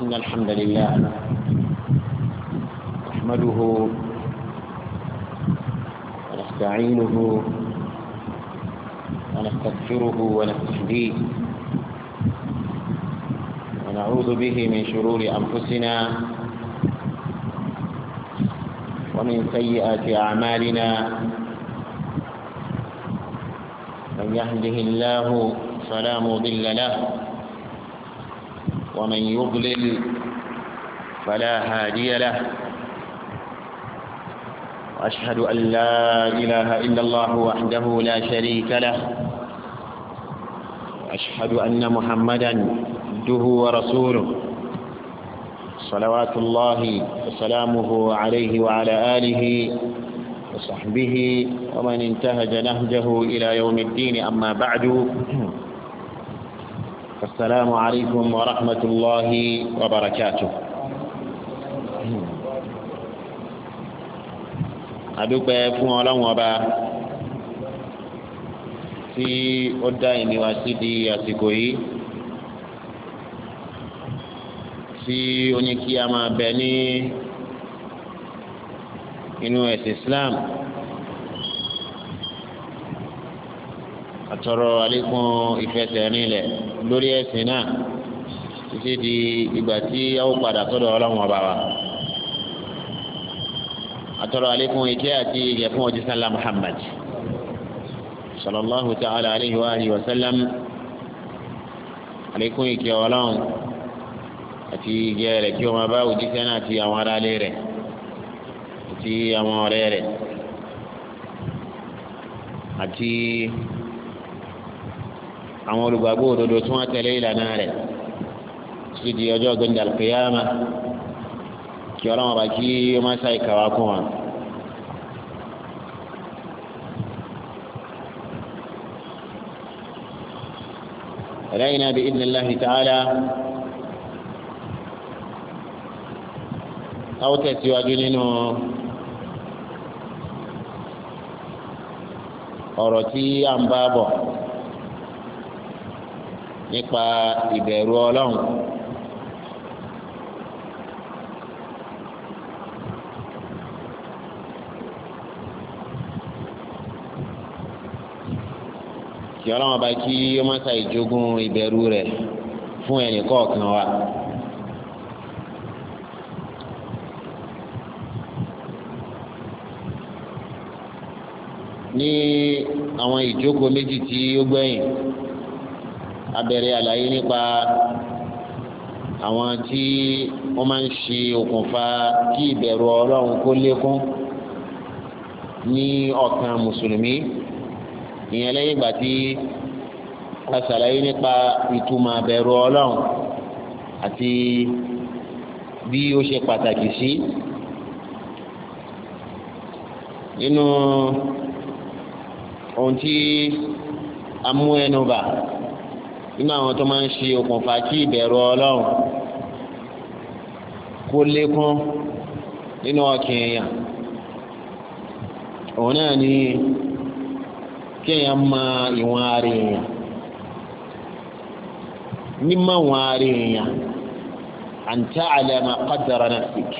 إن الحمد لله نحمده ونستعينه ونستغفره ونستهديه ونعوذ به من شرور أنفسنا ومن سيئات أعمالنا من يهده الله فلا مضل له ومن يضلل فلا هادي له وأشهد أن لا إله إلا الله وحده لا شريك له وأشهد أن محمدا عبده ورسوله صلوات الله وسلامه عليه وعلى آله وصحبه ومن انتهج نهجه إلى يوم الدين أما بعد السلام عليكم ورحمة الله وبركاته adúpẹ́ fún ọlọ́run ọba tí ó dá ìníwá sí di àsìkò yìí tí ó ní kí a máa bẹ ní inú ẹ̀sìn Islam. àtọrọ àlékún ìfẹsẹ̀rin lẹ̀ lórí ẹ̀sìn náà títí di ìgbà tí a ó padà sọ́dọ̀ ọlọ́run ọba wa àtọrọ àlékún ìkẹ́ àti ìyẹ̀ fún ọjọ́ sálá Muhammad sallallahu ta'ala alayhi wa alihi wa sallam àlékún ìkẹ́ ọlọ́run àti ìjẹ rẹ kí ọmọ bá òjíṣẹ́ náà ti àwọn aráalé rẹ àti àwọn ọ̀rẹ́ rẹ àti àwọn olùgbàgbọ́ òdodo tí wọ́n tẹ̀lé ìlànà rẹ̀ títí di ọjọ́ gbẹ̀ndà kìyàmà kí ọlọ́run bá kí ó má ṣàì kàwá kún wa. رأينا بإذن الله تعالى أو تسواجو نينو ọ̀rọ̀ أمبابو nípa ìbẹ̀rù ọlọ́run. kí ọlọ́run ọba kí ó má sa ìjogún ìbẹ̀rù rẹ̀ fún ẹnì kọ̀ọ̀kan wa. ní àwọn ìjókòó méjì tí ó gbẹ̀yìn abẹ̀rẹ̀ àlàyé nípa àwọn tí wọ́n máa ń ṣe okùnfà kí ìbẹ̀rù ọlọ́run kó lékún ní ọkàn mùsùlùmí ìyẹn lẹ́yìn ìgbà tí a ṣàlàyé nípa ìtumọ̀ àbẹ̀rù ọlọ́run àti bí ó ṣe pàtàkì sí nínú ohun tí a mú ẹnu bà nínú àwọn tó máa ń ṣe okùnfà kí ìbẹ̀rù ọlọ́run kó lékún nínú ọkàn èèyàn òun náà ni kéèyàn mọ ìwọ̀n ara èèyàn mímọ̀ ìwọ̀n ara èèyàn an ta'lama qadra nafsik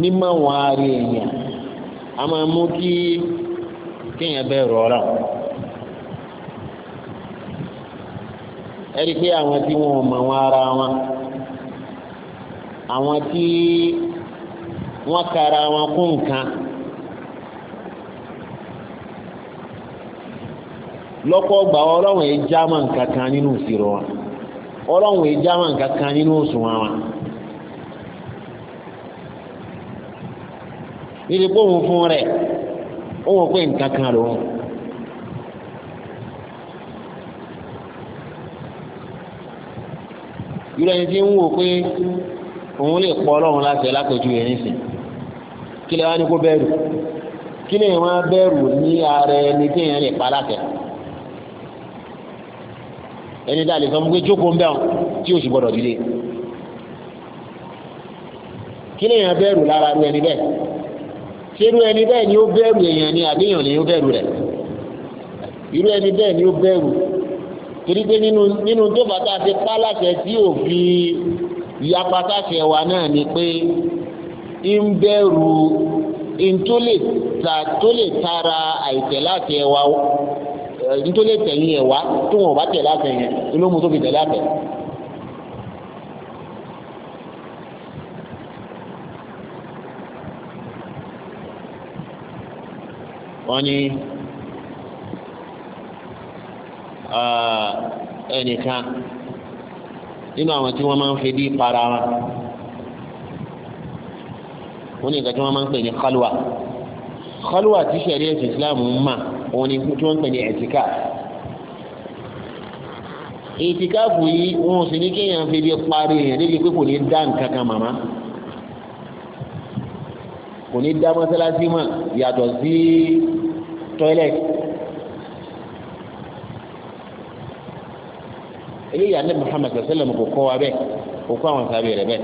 mímọ̀ ìwọ̀n ara èèyàn a máa mú kí kéèyàn bẹ̀rù ọlọ́run. ẹ̀rí pé àwọn tí wọn mọ̀ wọn ara wọn àwọn tí wọn kara wọn kún nǹkan lọ́pọ̀ gbà ọlọ́run èyí jámà nǹkan kan nínú ìṣirò wọn ọlọ́run èyí jámà nǹkan kan nínú òṣùwọ̀n wọn. nítorí pé òun fún rẹ̀ òun pé nǹkan kan lòun. irú ẹni tí ń wò pé òun lè pọ̀ ọlọ́run láti ẹ̀ lápẹ̀jù ẹ̀ nísìn kí lè wá ní kó bẹ̀rù kí lè wá bẹ̀rù ní ara ẹni tí èèyàn lè pa látẹ̀ ẹni dá lè sọ pé jókòó ń bẹ̀rù tí o sì gbọ́dọ̀ dìde kí lè yàn bẹ̀rù lára ru ẹni bẹ́ẹ̀ ṣerú ẹni bẹ́ẹ̀ ni ó bẹ̀rù èèyàn ni àbíyàn ni ó bẹ̀rù rẹ̀ irú ẹni bẹ́ẹ̀ ni ó bẹ̀rù torí pé nínú nínú tó bàtà ti pa láṣẹ tí ò fi ìyapa sáṣẹ wa náà ni pé ń bẹ̀rù ntólè ta tólè tara àìtẹ̀ láṣẹ wa ntólè tẹ̀yìn ẹ̀ wá tó wọn bá tẹ̀ yẹn olóhùn tó fi tẹ̀ wọ́n ní. Ah, ẹnìkan nínú àwọn tí wọ́n máa ń fi bí para wọn wọ́n ní nǹkan tí wọ́n máa ń pè ní khalwa khalwa tí sẹ̀rí ẹ̀sìn islam ń mà òun ni tí wọ́n ń pè ní ẹ̀tíkà ìtìkáàfù yìí wọn ò sì ní kéèyàn fi bí parí èèyàn débi pé kò ní dá nǹkan kan màmá kò ní dá mọ́sálásí mọ́ yàtọ̀ sí tọ́ílẹ̀tì. eléyìí alẹ́ Muhammad sallam kò kọ́ wa bẹ́ẹ̀ kò kọ́ àwọn sábẹ́ rẹ̀ bẹ́ẹ̀.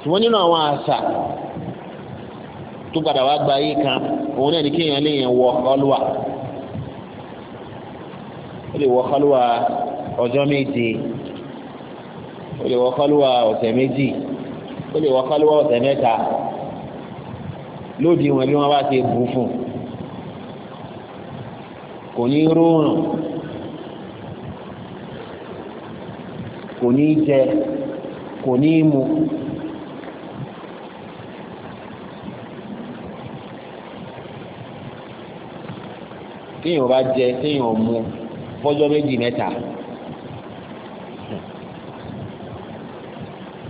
ṣùgbọ́n nínú àwọn àṣà tó padà wá gba ayé kan òun náà ní kéèyàn léèyàn wọ ọlúwa ó lè wọ ọlúwa ọjọ́ méje ó lè wọ ọlúwa ọ̀sẹ̀ méjì ó lè wọ ọlúwa ọ̀sẹ̀ mẹ́ta lóde wọn bí wọ́n bá ti bù fún un kò ní róòrùn kò ní jẹ kò ní mu téèyàn bá jẹ téèyàn mu fọ́jọ́ méjì mẹ́ta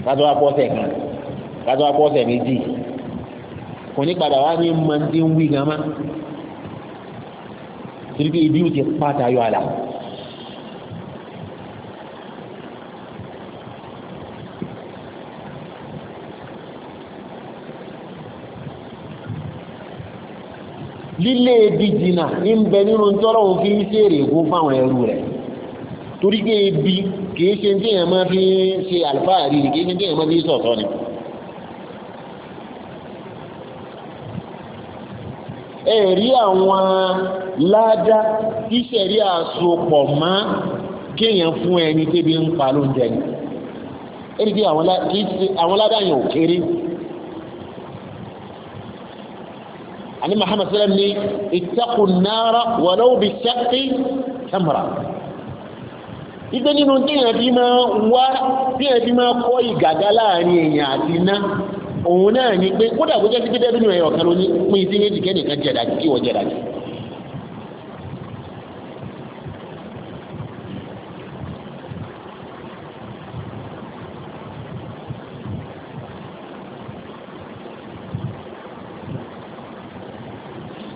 kájọ apọ́sẹ̀ kan kájọ apọ́sẹ̀ méjì kò ní padà wá ní mọ́ndínwí gan máa torí pé ibi ti pàtà yọ àlà lílé ebi jìnà ní bẹ nínú tọ́rọ òfin ṣèrè fún fáwọn ẹrú rẹ̀ torí pé ebi kìí ṣe tí èèyàn máa fi ṣe àlùfáà rí kìí ṣe tí èèyàn máa fi sọ̀tọ̀ ni ẹ̀rí àwọn ládá tí sẹ̀rí àsopọ̀ má kéèyàn fún ẹni tẹ́bi ń pa lóúnjẹ ni ẹni tí àwọn ládá ò kéré àní Muhammad sallam ní ittaqun nara walau bi shaqqi tamra ìgbé nínú tí èèyàn máa wá tí èèyàn máa kọ́ ìgàgá láàrin èèyàn àti iná òun náà ní pé kódà bó jẹ́ sí kíkẹ́ bínú ẹ̀yọ̀ kan lóní pín sí méjì kẹ́nìkan jẹ̀dá kí wọ́n jẹ̀dá jù.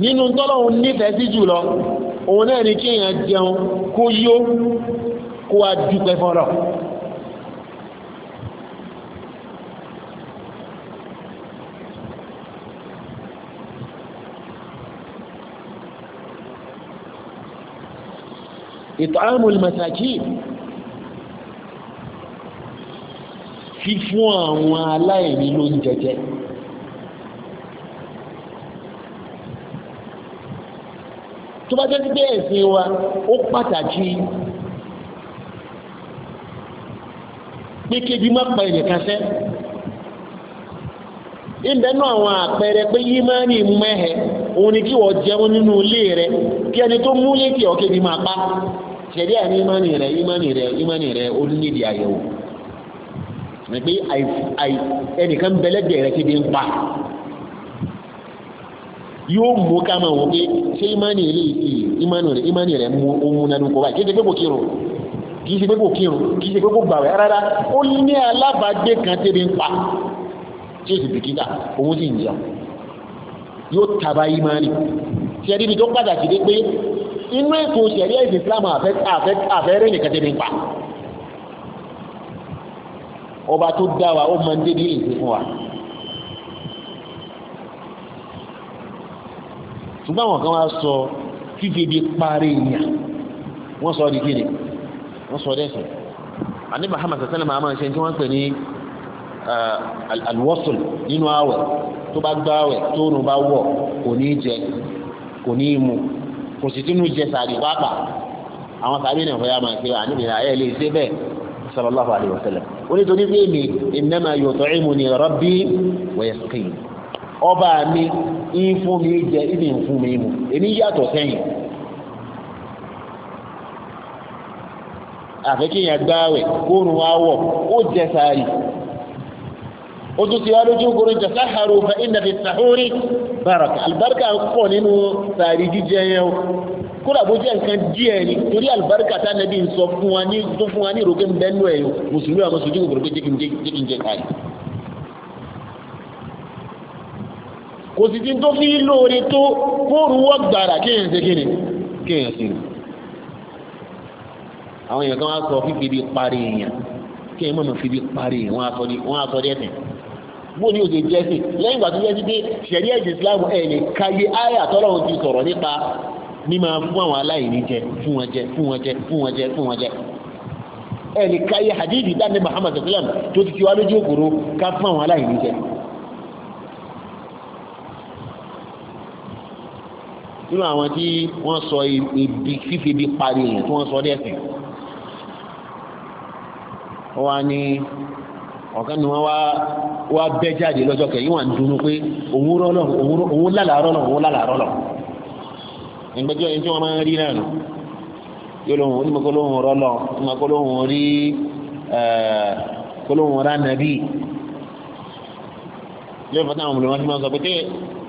nínú tọ́lọ́hun nífẹ̀ẹ́ sí jùlọ òun náà ní kí èèyàn jẹun kó yó kó a dúpẹ́ fọ́lọ́. ìtọ́àmù ìmọ̀sàkì fífún àwọn aláìní ló ń jẹjẹ tó bá jẹ́ títẹ́ ẹ̀sìn wa ó pàtàkì pé kébi má pa ẹnìkan sẹ́ ìbẹ́nu àwọn àpẹẹrẹ pé yí máa ní mẹ́hẹ̀ òun ni kí wọ́n jẹun nínú ilé rẹ kí ẹni tó múlé kí ọ̀kẹ́bi máa pa ṣẹ̀ríà ní ìmánì rẹ̀ ìmánì rẹ̀ ìmánì rẹ̀ ó nídìí àyẹ̀wò ní pé ẹnìkan bẹ̀lẹ́gbẹ̀ rẹ̀ ti bí ń pa yóò mú ká máa wò pé ṣé ìmánì rẹ̀ ìmánì rẹ̀ ìmánì rẹ̀ mú ohun nánú kó báyìí kí ṣe pé kò kírun kì í ṣe pé kò kírun kì í ṣe pé kò gbàwẹ̀ rárá ó ní alábàágbé kan tí bí ń pa tí ó sì bìkítà òun sì ń jẹun yóò taba ìmánì ṣẹ́ẹ́dí ni tó pàtàkì dé pé inú ètò ìṣẹ̀rí ẹ̀sìn Islam àfẹ́rẹ́ nìkan tẹ́lẹ̀ ń pa ọba tó dá wa ó máa ń dédé èsì fún wa ṣùgbọ́n àwọn kan wá sọ fífi ibi parí ìyà wọ́n sọ di kíni wọ́n sọ dẹ́sẹ̀ àní Muhammad sasana máa ṣe tí wọ́n pè ní eh, alwọ́sùl nínú àwẹ̀ tó bá gbá tó nù bá wọ̀ kò ní jẹ kò ní mu kò sì tún jẹ sàrí pápá àwọn sàrí náà fọyà máa ṣe àníbi náà ẹ lè ṣe bẹ́ẹ̀ sallallahu alayhi wa sallam ó ní torí pé mi innama yut'imuni rabbi ọba mi ń fún mi jẹ ìdí ń fún mi mu èmi yàtọ̀ sẹ́yìn àfẹ́kẹ́yìn àgbáwẹ̀ kóòrùn wa wọ̀ ó jẹ sàrí ó tún ti wá lójú ogun jẹ̀sà àrò fa iná fi sàhórí baraka àlùbáríkà pọ̀ nínú sàárì jíjẹ yẹn o kódà bó jẹ́ nǹkan díẹ̀ ni torí àlùbáríkà tá nàbí ń sọ fún wa ní tó fún wa ní ìrókè ń bẹ́nu ẹ̀ o mùsùlùmí àwọn sojú kòkòrò pé jẹ́kí ń jẹ́ káyì. kò sì ti tó fi lóore tó kóòrù wọ́n gbàrà kéèyàn ṣe kéèyàn kéèyàn sí àwọn èèyàn kan wá sọ fífi bí parí èèyàn kéèyàn mọ̀mọ́ fi bí parí èèyàn wọ́n á sọ ní ẹ̀sìn bó ní òde jẹ́sì lẹ́yìn ìgbà tó jẹ́sì pé ṣẹ̀rí ẹ̀jẹ̀ islam ẹ̀ lè kàyé àyà tọ́lọ́run ti sọ̀rọ̀ nípa mímọ fún àwọn aláìní jẹ fún wọn jẹ fún wọn jẹ fún wọn jẹ fún wọn jẹ ẹ̀ lè kàyé hadith dáńdé muhammad sallam tó ti fi wá lójú òkúrò ká fún àwọn aláìní jẹ. nínú àwọn tí wọ́n sọ ibi fífi ibi parí èèyàn tí wọ́n sọ dẹ́sìn wọ́n á ní ọ̀kan ni wọ́n wá bẹ́ jáde lọ́jọ́ kẹ̀yìn wà ń dunú pé òun rọ́lọ̀ òun lálàárọ̀ lọ̀ òun lálàárọ̀ lọ̀ ẹgbẹ́jọ́ yẹn tí wọ́n máa ń rí náà nù yóò lóhùn onímọ̀kọ́lóhùn rọ́lọ̀ onímọ̀kọ́lóhùn rí kọ́lóhùn rá nàbí yóò fọ́tà àwọn olùmọ̀ tí wọ́n sọ pé tẹ́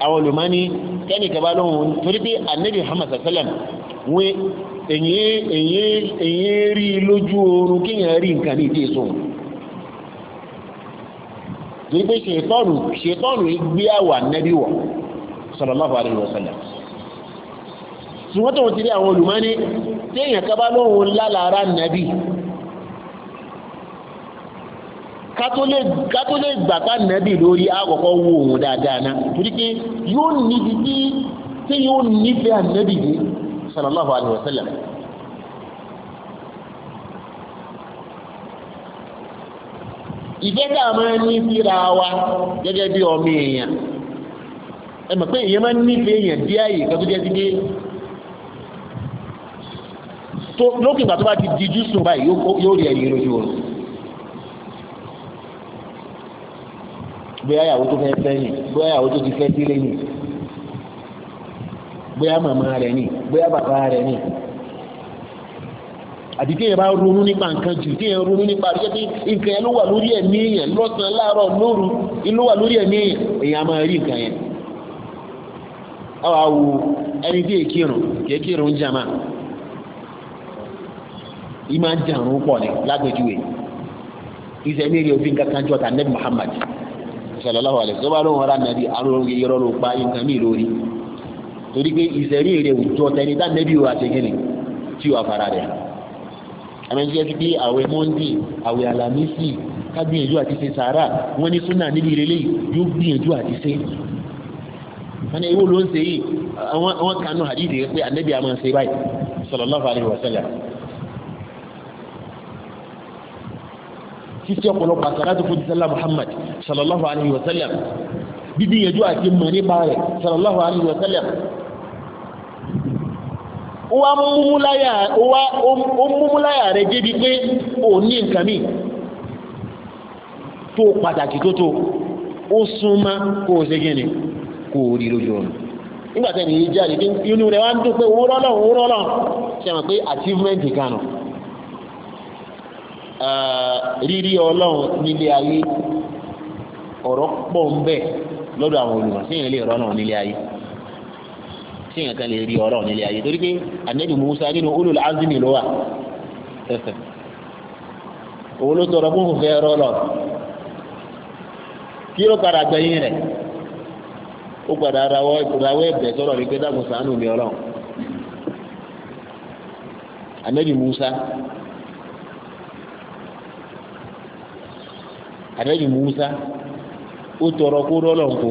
àwọn olùmọ̀ ní kẹ́ni kaba lóhùn torí pé anabi hamasa sallam wé èyí rí lójú oorun kéèyàn rí nǹkan ní ìdí ìsòwò torí pé ṣètọ́nù ṣètọ́nù gbé àwà nẹ́bí wọ̀ sallallahu alaihi wasallam ṣùgbọ́n tó ti rí àwọn olùmọ́ni tí èèyàn ká bá lóhun lálára nẹ́bí kátó lè gbàtà nẹ́bí lórí àkọ́kọ́ wo òun dáadáa náà torí pé yóò níbi tí yóò nífẹ̀ẹ́ ìfẹ́ tá a máa ní síra wa gẹ́gẹ́ bí ọmọ èèyàn ẹ mọ̀ pé èèyàn máa ń nífẹ̀ẹ́ èèyàn dí àyè kan tó jẹ́ sí pé lókè ìgbà tó bá ti dijú sùn báyìí yóò rí ẹ̀yìn lójú oorun bóyá ìyàwó tó fẹ́ fẹ́ yìn bóyá ìyàwó tó ti fẹ́ sílé yìn bóyá màmá rẹ̀ yìn bóyá bàbá rẹ̀ yìn àbí bá ronú nípa nǹkan jù kí ronú nípa àbí kí nǹkan yẹn ló wà lórí ẹ̀mí èèyàn lọ́sàn-án láàárọ̀ lóru ló wà lórí ẹ̀mí èèyàn èèyàn máa rí nǹkan yẹn. ẹni tí èkìrùn èkìrùn jàmá yìí máa ń jàrún pọ̀ ní lágbèjúwe ìṣẹ̀mí rẹ̀ òfin kankan jọta nẹ́bí Muhammad sallallahu lóun yọrọ ló pa nǹkan mí lórí torí pé ìṣẹ̀rí rẹ̀ òjọ́ tẹni tá nẹ́bí wa ṣe tí wàá fara rẹ̀ àwọn ẹni jẹ́ sí pé àwẹ̀ monday àwẹ̀ alamisi ká gbìyànjú àti ṣe sàárà wọ́n ní súnà níbi ìrẹ́lẹ̀ yóò gbìyànjú àti ṣe wọ́n ní ewu ló ń ṣe yìí àwọn kanú hadith rẹ̀ pé anabi àmọ́ ṣe báyìí sallallahu alaihi wasallam títí ọ̀pọ̀lọpọ̀ àsàrátù fún ìsẹ́lá muhammad sallallahu alaihi wasallam bíbí ìyẹjú àti mọ̀ nípa rẹ̀ sallallahu alaihi wasallam ó wá múmúláyà rẹ̀ débi pé ò ní nǹkan mi tó pàtàkì tó tó ó súnmọ́ kó o ṣe gíní kó o rí lójú ọ̀nà nígbàtẹ́ ní jáde pé inú rẹ̀ wá ń dún pé wúrọ́lọ́ wúrọ́lọ́ ṣe pé achievement kan rírí ọlọ́run nílé ayé ọ̀rọ̀ pọ̀ ń bẹ lọ́dọ̀ àwọn olùmọ̀ sí ìrìnlẹ̀ ọ̀rọ̀ náà nílé ayé téèyàn kan lè rí ọ̀rọ̀ nílé ayé torí pé anabi musa nínú ulul azmi ló wà òun ló sọ̀rọ̀ fún òfin ẹ̀rọ lọ kí ó padà gbẹ̀yìn rẹ̀ ó padà rawọ́ rawọ́ ẹ̀bẹ̀ sọ̀rọ̀ rí pé dákun mi ọlọ́run anabi musa anabi musa ó tọrọ kó rọlọ́run kò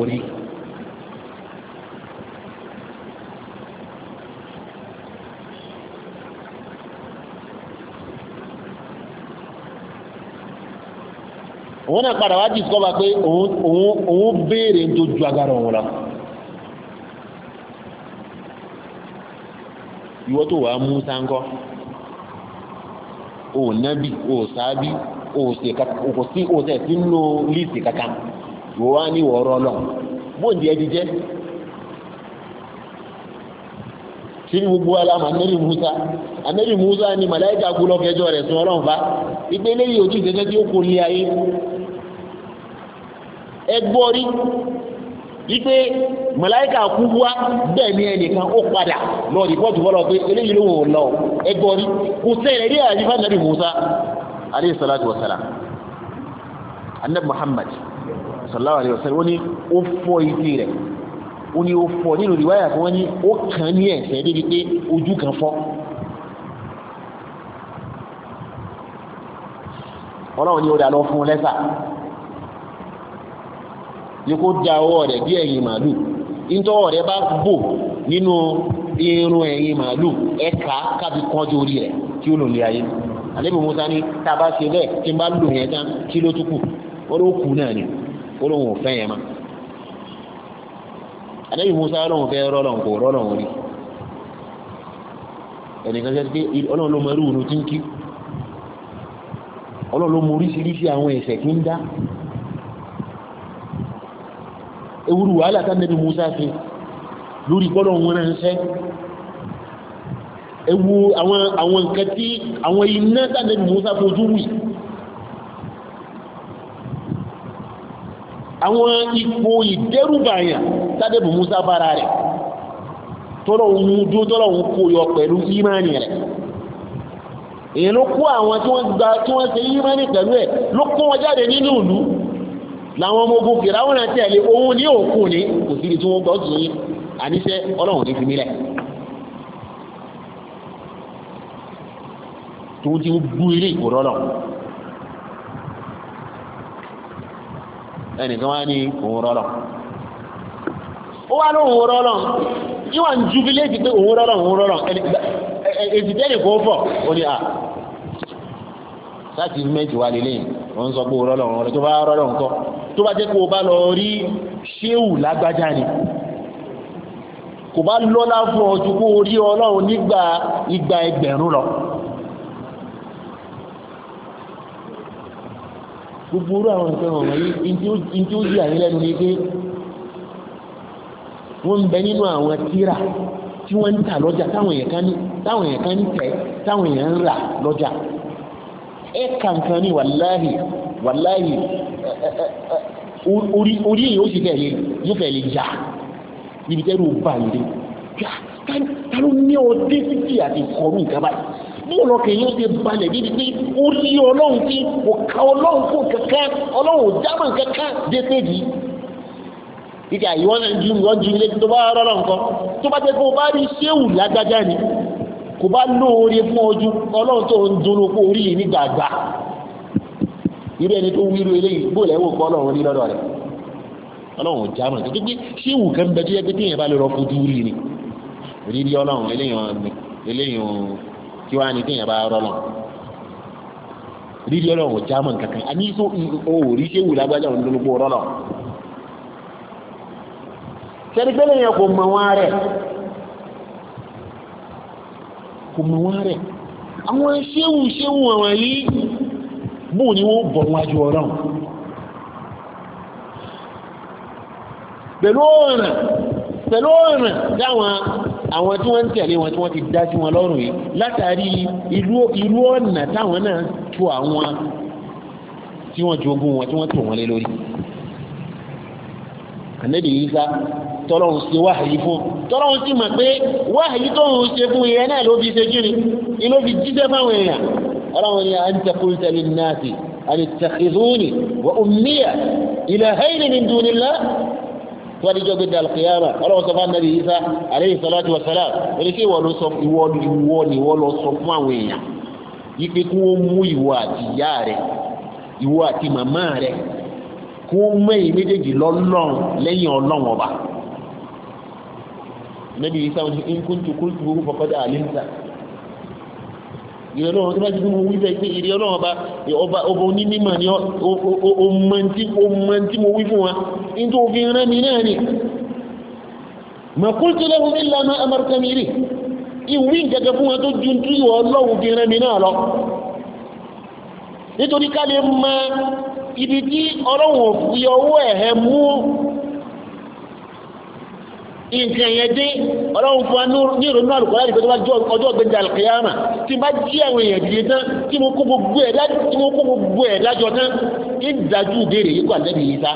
òun náà padà wá discover pé òun béèrè tó ju agbára òun lọ ìwọ tó wàá mú sáńkọ́ o nábì o sáábì o kò sí o tẹ̀ sí nínú líìsì kankan ìwọ wá ní ọ̀rọ̀ Ọlọ́run bóńdì ẹ ti jẹ́ sini gbogbo ala ma musa anabi musa ni malayika kulọ kẹjọ rẹ sun Ọlọ́run fa ìgbélé yìí ojú gẹ́gẹ́ tí ó kò lé ayé ẹgbọ́ rí wípé màláíkà kú wá bẹ́ẹ̀ ni ẹnìkan ó padà lọ rìpọ́tù fọ́lọ́ pé eléyìí ló wò lọ ẹgbọ́ rí kò sẹ́yìn rí àyíká nàbì Musa alayhi salatu wa salam anabi Muhammad sallallahu alayhi wa sallam wọ́n ní ó fọ́ ìdí rẹ̀ ó ní ó fọ́ nínú ìwáyà kan wọ́n ní ó kàn ní ẹ̀sẹ̀ débi pé ojú ọlọ́run ni ó dà lọ fún lẹ́sà ni kó da ọwọ́ rẹ̀ bí ẹ̀yìn màálù ìtọ́wọ́ rẹ̀ bá bò nínú irun ẹ̀yìn màálù ẹ̀ka kábi kánjú orí rẹ̀ kí ó lò lé ayé àlébù musa ní tá ṣe bẹ́ẹ̀ tí n bá lò yẹn tán kí ló tún kù ó ló kù náà ni ó lóun ò fẹ́ yẹn mọ́ àlébù musa lóun fẹ́ rọ́lọ̀ kò rọ́lọ̀ orí ẹnìkan jẹ́ pé ọlọ́run ló mọ irú ìrù tí ń kí ọlọ́run ló mọ oríṣiríṣi àwọn ẹ̀ṣẹ̀ tí ń dá ewúrú wàhálà tá nẹ́bí Musa fi lórí gbọ́dọ̀ wọn náà ń sẹ́ ewu àwọn àwọn nǹkan tí àwọn iná tá nẹ́bí Musa fojú wì àwọn ipò ìdẹ́rùbàyàn tá nẹ́bí Musa bára rẹ̀ tọ́lọ̀ ohun dúró tọ́lọ̀ ohun kò yọ pẹ̀lú ìmánì rẹ̀ èyí ló kó àwọn tí wọ́n ṣe ìmánì pẹ̀lú ẹ̀ ló kó wọn jáde nínú ìlú làwọn ọmọ ogun fìràwọ̀n àti ẹ̀lẹ́ òun ní òkú ni kò sí ibi tí wọ́n gbọ́ sí yín àníṣe ọlọ́run ní fìmílẹ̀ tó ti ń bú ilé ìkòrọ́ lọ ẹnìkan wá ní òun rọ́lọ̀ ó wá lóhun rọ́lọ̀ ìwà ń ju bílé ti pé òun rọ́lọ̀ òun rọ́lọ̀ èsì tẹ́lẹ̀ kò fọ̀ ó ní à láti méjì wá lélẹ́yìn òun sọ pé òun rọ́lọ̀ òun rọ́lọ̀ tó bá rọ́lọ̀ nǹkan tó bá jẹ́ kó o bá lọ rí ṣéwù lágbájá ni kò bá lọ́lá fún ọ ju kó o rí ọlọ́run nígbà igba ẹgbẹ̀rún lọ gbogbo orú àwọn nǹkan ọ̀rọ̀ yìí ní tí ó di àyín lẹ́nu ni pé wọ́n ń bẹ nínú àwọn tíra tí wọ́n ń tà lọ́jà táwọn èèyàn kan ń tẹ̀ táwọn èèyàn ń rà lọ́jà ẹ kà nǹkan wàláhì wàláhì orí orí yìí ó sì fẹ́ lè yóò fẹ́ lè jà níbi tẹ́rù bá yìí ta ló ní ọdẹ títí àti kọrú nǹkan báyìí bí ọlọ́kẹ́ yóò ṣe balẹ̀ níbi pé ó rí ọlọ́run tí kò ka ọlọ́run fún kankan ọlọ́run ò dámọ̀ kankan dé séjì títí àyíwọ́ náà ju ìwọ́n ju ilé tó bá rọ́rọ́ nǹkan tó bá jẹ́ kó o bá rí ṣéwù lágbájá ni kò bá lóore fún ọjọ́ ọlọ́run tó ń dunnú kó orí yìí ní gbàgbà irú ẹni tó wíru eléyìí bóòlù ẹwò kọ́ ọlọ́run rí lọ́dọ̀ rẹ̀ ọlọ́run ò jámọ̀ tó gbé ṣé ìwù kan bẹ tó yẹ pé téèyàn bá lè rọ fojú rí ni rírí ọlọ́run eléyìí kí wàá ní téèyàn bá rọ lọ rírí ọlọ́run ò jámọ̀ kankan àní so òwò rí ṣé ìwù lágbájá òun ló gbó rọ lọ sẹ́dígbẹ́lẹ̀ yẹn kò mọ̀ wọn rẹ̀ kò mọ̀ wọn rẹ̀ àwọn ṣéwù ṣéwù àwọn yìí bóò ni wọ́n bọ̀ wájú ọlọ́run pẹ̀lú ọ̀ràn pẹ̀lú ọ̀ràn dáwọn àwọn tí wọ́n ń tẹ̀lé wọn tí wọ́n ti dá sí wọn lọ́rùn yìí látàrí irú ọ̀nà táwọn náà tó àwọn tí wọ́n jogún wọn tí wọ́n tò wọn lé lórí ànẹ́bì Ìsá tọ́lọ́run ṣe wáhàyí fún tọ́lọ́run sì mọ̀ pé wáhàyí tó ń ṣe fún ìyẹn náà ló fi ṣe jírin ló fi jíṣẹ́ fáwọn èèyàn ọlọ́run ni a ń tẹkùn tẹ̀lé náà sí àti tẹ̀kìzúnì wà ummiya ilahaini min dunillah tó wà níjọ́ gbẹ̀dẹ̀ alkiyama ọlọ́run sọ fún nàbí isa alayhi salatu wa salam wọ́n kí wọ́n lọ sọ ìwọ ìwọ ni wọ́n lọ sọ fún àwọn èèyàn yípe kí wọ́n mú ìwọ àti ìyá rẹ ìwọ àti màmá rẹ kí wọ́n mú èyí méjèèjì lọ́lọ́run lẹ́yìn ọlọ́run ọba nàbí isa in kuntu qultuhu faqad alimta ìrẹ́ lọ́wọ́ tó bá ti fún mo wí bẹ́ẹ̀ pé ìrẹ́ ọlọ́wọ́ bá ọba onímọ̀ ni ọmọ tí mo wí fún wa in tó fi rán mi náà ni ma qultu lahum illa ma amartani bihi ìwí ìjẹjẹ fún wa tó ju tí ìwọ ọlọ́wọ́ fi rán mi náà lọ nítorí ká lè mọ ibi tí ọlọ́wọ́ fi ọwọ́ ẹ̀hẹ́ mú nǹkan yẹn dé ọlọ́run fún wa ní ìrònú àlùkọ́lá nípa tó bá jọ ọjọ́ gbẹ̀dẹ̀ àlùkìyàmà tí bá jí àwọn èèyàn dìde tán tí mo kó gbogbo ẹ̀ tí mo kó gbogbo ẹ̀ dájọ́ tán ní ìdájú ìbéèrè yìí kó àlẹ́bí yìí sá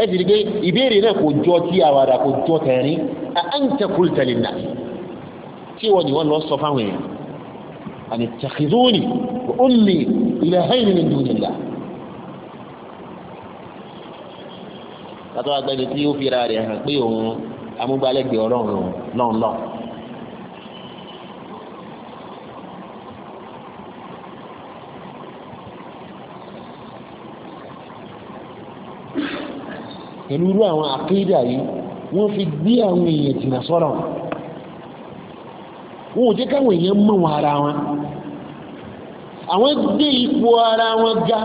ẹ sì rí pé ìbéèrè náà kò jọ tí àwàdà kò jọ tẹ̀rín à ń tẹkùrù tẹ̀lé nà tí wọ́n ni wọ́n lọ sọ fáwọn èèyàn àni tẹ̀kìdúnì ọ̀nì ilẹ̀ hẹ́yìn nìdúnìlá kátó wá gbẹ́ni tí ó fi ra rẹ̀ hàn pé òun amúgbálẹ́gbẹ̀ẹ́ ọlọ́run lọ́nlọ́n. pẹ̀lú irú àwọn àkéèdà yìí wọ́n fi gbé àwọn èèyàn jìnnà sọ́rọ̀ wọn ò jẹ́ káwọn èèyàn mọ̀ wọn ara wọn àwọn gbé ipò ara wọn ga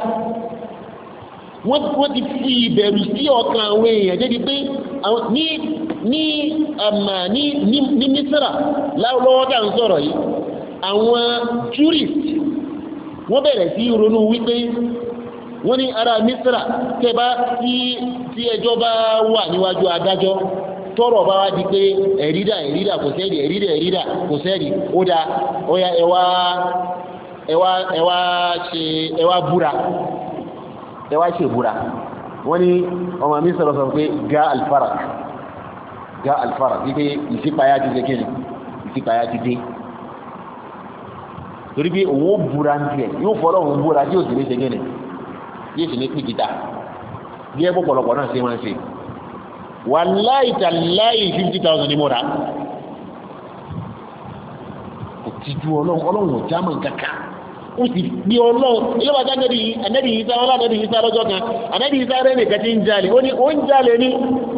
wọ́n ti fi ìbẹ̀rù sí ọkàn àwọn èèyàn débi pé ní ní àmà um, ní ní mísírà lọ́wọ́ ń sọ̀rọ̀ yìí àwọn tourist wọ́n bẹ̀rẹ̀ sí ronú wípé wọ́n ní ará mísírà tẹba tí ẹjọ́ bá wà níwájú adájọ́ tọ́rọ̀ bá wá di pé ẹ̀rídà ẹ̀rídà kò sẹ́rì ẹ̀rídà ẹ̀rídà kò sẹ́rì ó dá ọya ẹwà ẹwà ẹwà ṣe ẹwà búra ẹ wá ṣe ìbúra wọ́n ní ọmọ mi sọ̀rọ̀ sọ pé ga alfara ga alfara wípé ìsípayá ti dé kíni ìsípayá ti dé torí pé òun ó búra ń tiẹ̀ yóò fọ́lọ́ òun búra tí yóò sì ní ṣe kíni yóò sì ní pìkìtà bí ẹ pọ̀pọ̀lọpọ̀ náà ṣe máa ń ṣe wàláì tàláì fifty thousand ni mo rà òtítù ọlọ́run ọlọ́run ò já mọ́ nǹkan kan ó sì bí ọlọ́run yóò wájá anẹ́bì ìsá ọlá anẹ́bì ìsá lọ́jọ́ kan anẹ́bì ìsá rẹ̀ nìkan ti ń jalè ó ní ó ń jalè ní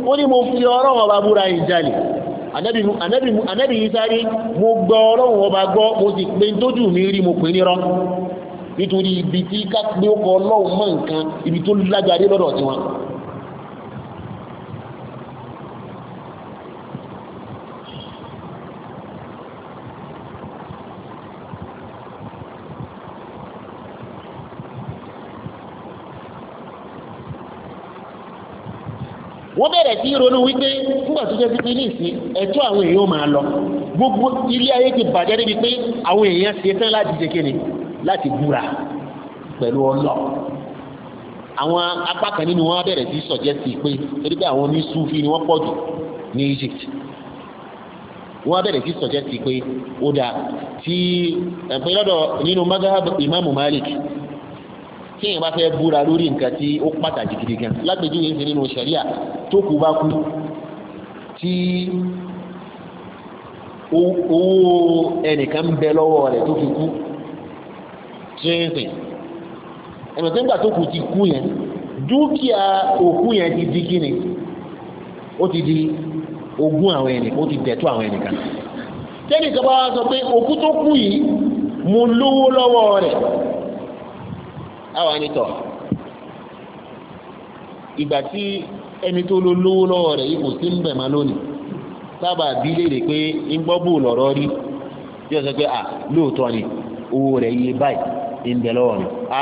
ó ní mo fi ọlọ́run ọba búra ìjalè anẹ́bì ìsá rí mo gbọ́ ọlọ́run ọba gbọ́ mo sì pé tójú mi rí mo pè nírọ́ nítorí ibi tí ká pé ó kọ ọlọ́run mọ́ nǹkan ibi tó lágbàdé lọ́dọ̀ tiwọn sí ronú wípé nígbà tó jẹ́ pípín ní ìsìn ẹ̀tọ́ àwọn èèyàn máa lọ gbogbo ilé ayé ti bàjẹ́ níbi pé àwọn èèyàn ṣe tán láti ṣe kéde láti búra pẹ̀lú ọlọ́ àwọn apá kan nínú wọn bẹ̀rẹ̀ sí sọ̀jẹ́sì pé torí pé àwọn oníṣúfì ni wọ́n pọ̀ jù ní Egypt wọ́n bẹ̀rẹ̀ sí sọ̀jẹ́sì pé ó dáa tí ẹ̀pẹ́ lọ́dọ̀ nínú madhab Imam Malik téèyàn bá fẹ́ búra lórí nǹkan tí ó pàtàkì gidi gan lápèjúwe ń ṣe nínú sẹ̀ríà tó kù bá kú tí owó ẹnìkan ń bẹ lọ́wọ́ rẹ̀ tó fi kú tírínsìn ẹ̀mọ̀ tó ń gbà tó kù ti kú yẹn dúkìá òkú yẹn ti di kíni ó ti di ogún àwọn ẹnìkan ó ti dẹ̀tọ́ àwọn ẹnìkan tẹ́nìkan bá wá sọ pé òkú tó kú yìí mo lówó lọ́wọ́ rẹ̀ àwọn anitọ̀ ìgbà tí ẹni tó ló lówó lọ́wọ́ rẹ̀ yìí kò sí ń bẹ̀ máa lónìí sábà bí léèrè pé ń gbọ́ bò lọ́rọ́ rí yóò sọ pé à lóòótọ́ ni owó rẹ̀ yé báyìí ń bẹ lọ́wọ́ mi á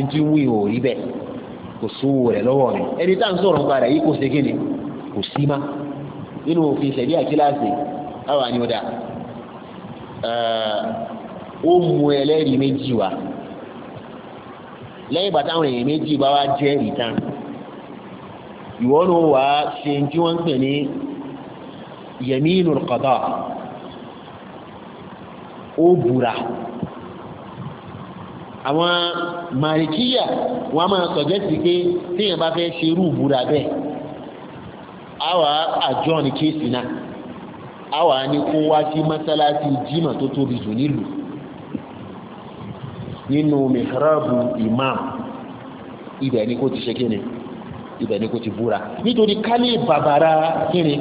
ń tí wí ò rí bẹ́ẹ̀ kò sówó rẹ̀ lọ́wọ́ mi ẹni tá ń sọ̀rọ̀ nípa rẹ̀ yìí kò ṣe kí kò sí má nínú òfin ìṣẹ̀lẹ̀ àkíláàsì àwọn àni ọ̀dà ó mú ẹlẹ́rìí méjì wá lẹ́yìn ìgbà táwọn èèyàn méjì bá wá jẹ́rìí tán ìwọ ló wà á ṣe tí wọ́n ń pè ní yaminul qada ó búra àwọn màríkíyà wọ́n máa sọ̀jẹ́ sí pé téèyàn bá fẹ́ ṣe irú búra bẹ́ẹ̀ àwa àjọ ní kéèsì náà àwa ni kó wá sí mọ́sálásí jímọ̀ tó tóbi jù nílùú nínú mihrabu imam ibẹ̀ ni kò ti ṣe kíni ibẹ̀ ni kò ti búra nítorí kálí bàbàrà kíni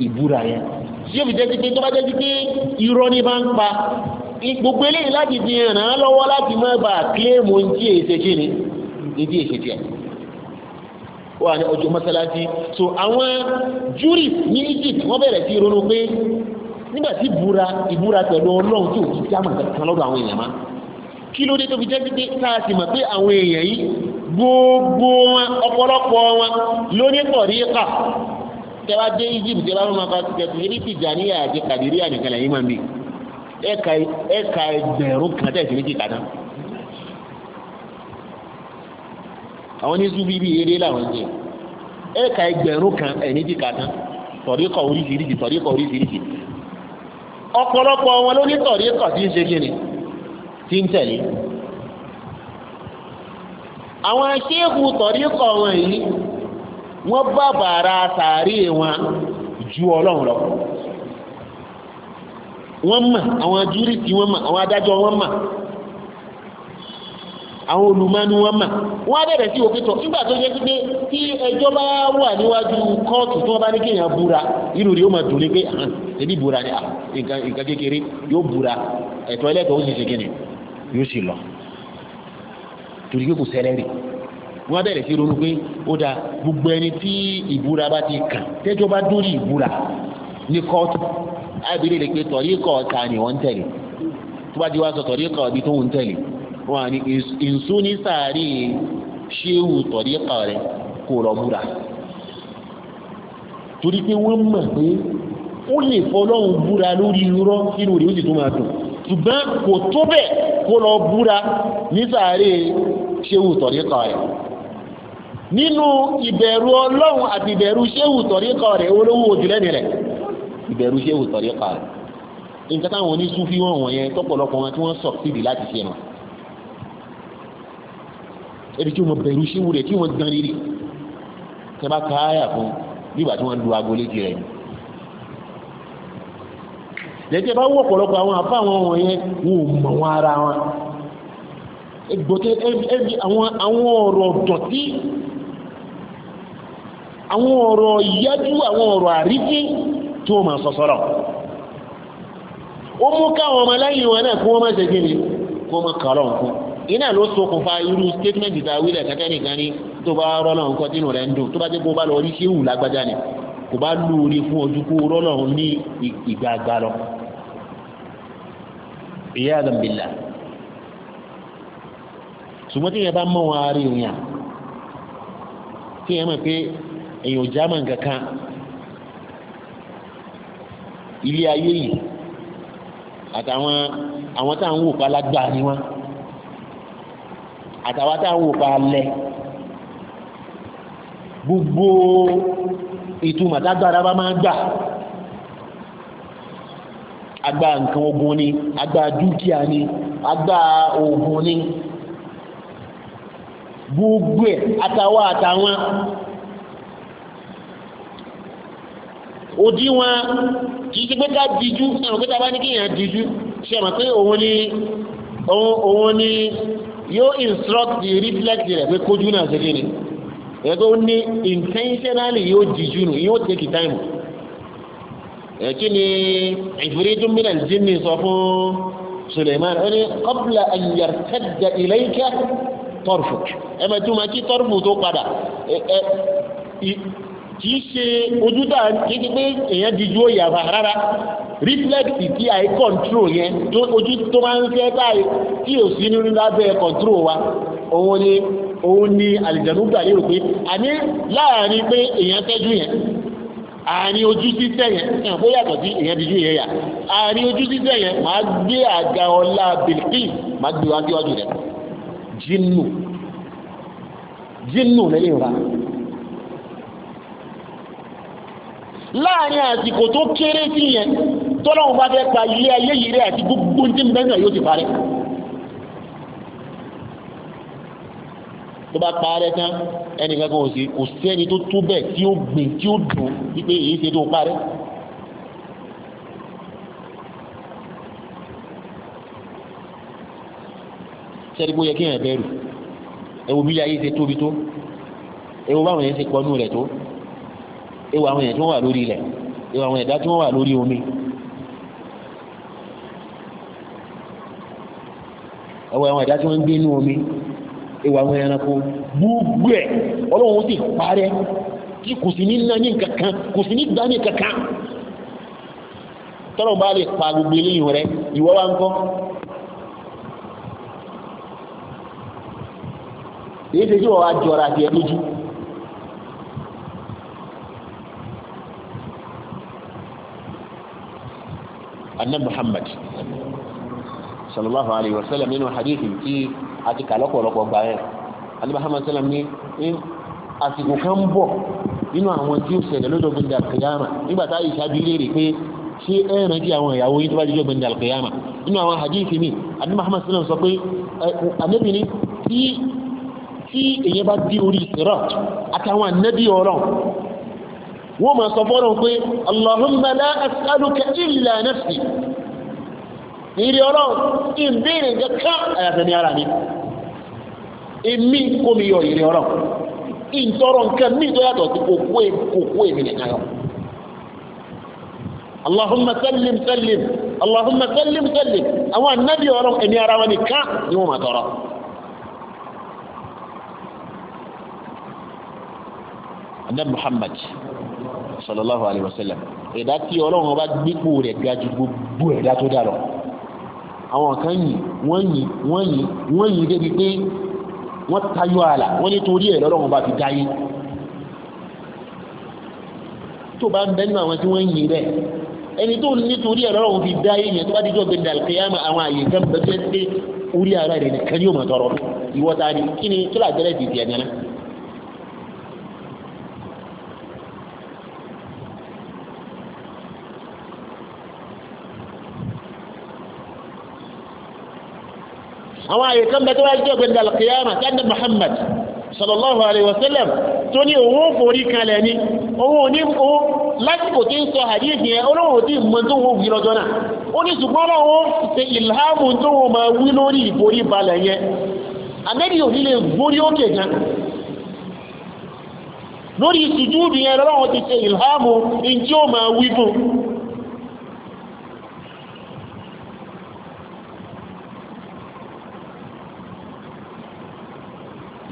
ìbúra yẹn tí yóò fi jẹ́ pé tó bá jẹ́ pé irọ́ ní bá ń pa gbogbo eléyìí láti fi hàn án lọ́wọ́ láti má bàa kílèmù ní tí èsè kíni ní tí èsè tiẹ̀ wà ní ọjọ́ so àwọn júrì ní Egypt wọ́n bẹ̀rẹ̀ sí ronú pé nígbà tí ìbúra ìbúra pẹ̀lú ọlọ́run tí ò ti jámà kan lọ́dọ̀ àwọn èèyàn máa kí ló dé tó fi jẹ́ pípé táàtì mọ̀ pé àwọn èèyàn yìí gbogbo wọn ọ̀pọ̀lọpọ̀ wọn ló ní tọ̀ríkà tẹ́wá dé Egypt tẹ́wá ló máa bá ti tẹ̀sí eré ti jàníyà àti kàdíríà nìkan lẹ́yìn máa ń bì ẹ̀ka ẹgbẹ̀rún kan tẹ̀sí méjì kàdá. àwọn ní zubi bíi eré làwọn jẹ ẹ̀ka ẹgbẹ̀rún kan ẹ̀ méjì kàdá tọ̀ríkà oríṣiríṣi tọ̀ríkà oríṣiríṣi ọ̀pọ̀lọpọ̀ wọn ló ní tọ̀ríkà tí ń ṣe kí tí ń tẹ̀lé àwọn ṣéèkù tọ̀ríkọ̀ wọn yìí wọ́n bá wọn ju ọlọ́run lọ wọ́n mọ̀ àwọn júrìtì wọ́n mọ̀ àwọn adájọ́ wọ́n mọ̀ àwọn olùmọ́ni wọ́n mọ̀ wọ́n bẹ̀rẹ̀ sí òkútọ̀ nígbà tó jẹ́ pé tí ẹjọ́ bá wà níwájú kóòtù tó bá ní kéèyàn búra irú rí ó máa dùn ní pé ẹbí yóò sì lọ torí pé kò sẹ́rẹ́ rè wọ́n á bẹ̀rẹ̀ sí ronú pé ó dáa gbogbo ẹni tí ìbúra bá ti kàn tẹ́jọ́ bá dórí ìbúra ní kóòtù ábìrì lè pe tọ̀rí kọ̀ ta ni wọ́n ń tẹ̀lé tó bá di wá sọ tọ̀rí kọ̀ ibi tó ń tẹ̀lé wọ́n á ní ìsún ní sàárì ṣéwù tọ̀rí kọ̀ rẹ̀ kò lọ búra torí pé wọ́n mọ̀ pé ó lè fọlọ́hún búra lórí irọ́ nínú rẹ̀ ó sì tún máa dùn ṣùgbọ́n kò tó bẹ̀ kó lọ búra ní sàárè ṣéwù tọ̀ríkọ rẹ̀ nínú ìbẹ̀rù ọlọ́run àti ìbẹ̀rù ṣéwù tọ̀ríkọ rẹ̀ olówó òjìlẹ́ni rẹ̀ ìbẹ̀rù ṣéwù tọ̀ríkọ rẹ̀ nǹkan táwọn oníṣúfí wọn wọ̀nyẹn tọ́pọ̀lọpọ̀ wọn tí wọ́n sọ̀kìdì láti ṣe nù ẹni tí wọ́n bẹ̀rù ṣéwù rẹ̀ tí wọ́n gan rírì jẹ́jẹ́ bá wọ́ pọ̀lọpọ̀ àwọn àfá àwọn ọmọ yẹn wò mọ̀ wọn ara wọn àwọn ọ̀rọ̀ dọ̀tí àwọn ọ̀rọ̀ yájú àwọn ọ̀rọ̀ àríkí tó ma sọ̀sọ̀rọ̀ ó mú káwọn ọmọ lẹ́yìn wọn náà kí wọ́n má ṣe gíní kó mọ́ kààrọ̀ nǹkan iná ló ṣokùnfà irú statement ìdáwílẹ̀ kẹ́kẹ́ nìkan ní tó bá rọ́lọ́ nǹkan tínú rẹ̀ ń dùn tó bá jẹ́ kó bá lọ rí sí ìwù lágbájá ni kò bá lóore fún ojú kó rọ́nà ní ìgbà àgbàrọ ìyá àdàmbìlà ṣùgbọ́n tí yẹn bá mọ̀ wọn ara èèyàn tí yẹn mọ̀ pé èèyàn ò nǹkan kan ilé ayé yìí àtàwọn àwọn tá à ń wò pa lágbàá ni wọn àtàwọn tá à ń wò pa alẹ gbogbo ìtumọ̀ tágbára bá máa gbà agbá nǹkan ogun ni agbá dúkìá ni agbá ogun ni gbogbo ẹ̀ àtàwà àtàwọn òdí wọn kìí ṣe pé ká díjú ẹ̀rùn pé tàbá ní kí èèyàn díjú ṣe mọ̀ pé òun ni òun ni yóò instruct the reflect rẹ̀ pé kójú náà ṣe kí ni ẹ̀ tó ní intentionally yóò jíjú nù yóò take time ẹ̀ kí ni ìfúrídùn mílẹ̀ Jimmy, sọ fún Suleiman ó ní qabla an yartadda ilayka tọ́rfù ẹ bẹ túmọ̀ kí tọ́rfù tó padà kìí ṣe ojúdá kéde pé èèyàn jíjú ó yàrá rárá reflex tí àì control yẹn ojú tó máa ń fẹ́ báyìí tí ò sí nínú lábẹ́ control wa òun ni òun ni àlìjẹ̀nú gbà lérò pé àní láàrin pé èèyàn tẹ́jú yẹn àárín ojú títẹ̀ yẹn náà bó yàtọ̀ sí èèyàn tìjú yẹn yà àárín ojú títẹ̀ yẹn máa gbé àga ọlá bilkis máa gbé wájú wájú rẹ̀ jinnu jinnu lẹ́yìn wa láàrin àsìkò tó kéré sí yẹn tọ́lọ́run bá fẹ́ pa ilé ayé yìí rẹ̀ àti gbogbo ní tí mo bẹ́ẹ̀ náà yóò ti parẹ́ tó bá parẹ́ tán ẹnì kankan ò sí kò sí ẹni tó tó bẹ́ẹ̀ tí ó gbìn tí ó dùn wípé èyí ṣe tó parẹ́. sẹ́ni bó yẹ kí èèyàn bẹ̀rù ẹ wo bí ayé ṣe tóbi tó ẹ wo báwọn yẹn ṣe kọnú rẹ̀ tó ẹ wo àwọn yẹn tí wọ́n wà lórí ilẹ̀ ẹ wo àwọn ẹ̀dá tí wọ́n wà lórí omi. ẹ wo àwọn ẹ̀dá tí wọ́n gbé inú omi ìwà àwọn ẹranko gbogbo ẹ̀ ọlọ́run ti parẹ́ tí kò sí ní náà ní kankan kò sí ní dání kankan tọ́lọ̀ bá lè pa gbogbo eléyìn rẹ ìwọ wa ń kọ́ èyí tẹ́jú wọ́n wá jọra àti ẹlójú annabi muhammad sallallahu alaihi wasallam nínú hadithi tí àti kà gbà yẹn alẹ́ Muhammad sallam ní àsìkò kan bọ̀ nínú àwọn tí ó ṣẹlẹ̀ lọ́jọ́ gbẹ̀ndẹ̀ àkìyàmà nígbà tá léèrè pé ṣé ẹ̀rìn jẹ́ àwọn ìyàwó yìí tó bá jẹ́ gbẹ̀ndẹ̀ àkìyàmà nínú àwọn hadith mi alẹ́ Muhammad sallam sọ pé ànábì ní tí èyàn bá dí orí ìsìrọ̀ àtàwọn ànábì ọ̀rọ̀ wọ́n máa sọ fọ́rọ̀ pé Allahumma la as'aluka illa nafsi ìrì ọlọ́run ìbéèrè kankan àyàfẹ́ ní ara mi èmi kò mi yọ ìrì ọlọ́run ìtọrọ nǹkan mí tó yàtọ̀ sí kòkó e, kòkó èmi e nìkan yọ. Allahumma sallim sallim Allahumma sallim sallim àwọn anábì ọlọ́run ẹ̀mí ara wọn nìkan ni wọ́n máa tọrọ. Adé Muhammad sallallahu alayhi wa sallam ẹ̀dá tí ọlọ́run ọba gbígbó rẹ̀ gbájú gbogbo ẹ̀dá tó dá lọ àwọn kan yìí wọ́n yìí wọ́n yìí wọ́n yìí débi pé wọ́n tayọ ààlà wọ́n ní torí ẹ̀ lọ́lọ́run bá fi dáyé tó bá ń bẹ nínú àwọn tí wọ́n yìí rẹ̀ ẹni tó ní torí ẹ̀ lọ́lọ́run fi dáyé yẹn tó bá díjọ́ gbé dàlùkẹ́yàmù àwọn àyè kan bẹ́ẹ̀ pé orí ara rẹ̀ nìkan yóò mọ̀ tọrọ ìwọ́ta ni kí ni kí làjẹ́rẹ́ dìde ẹ̀ àwọn àyè kan bẹ tó wájú ọ̀gbẹ̀dẹ̀ alkiyama tẹ́ndẹ̀ Muhammad sallallahu alaihi wasallam tó ní owó forí kalẹ̀ ní owó ní o lásìkò tí ń sọ hadith yẹn olóòwò tí mọ tó wọ́n wí lọ́jọ́ náà ó ní ṣùgbọ́n lọ́wọ́ ṣe ìlhámù tó wọ́n máa wí lórí ìforí balẹ̀ yẹn amẹ́rì òní lè borí òkè gan lórí ìṣùjú yẹn lọ́wọ́ ti ṣe ìlhámù ní tí ó máa wí fún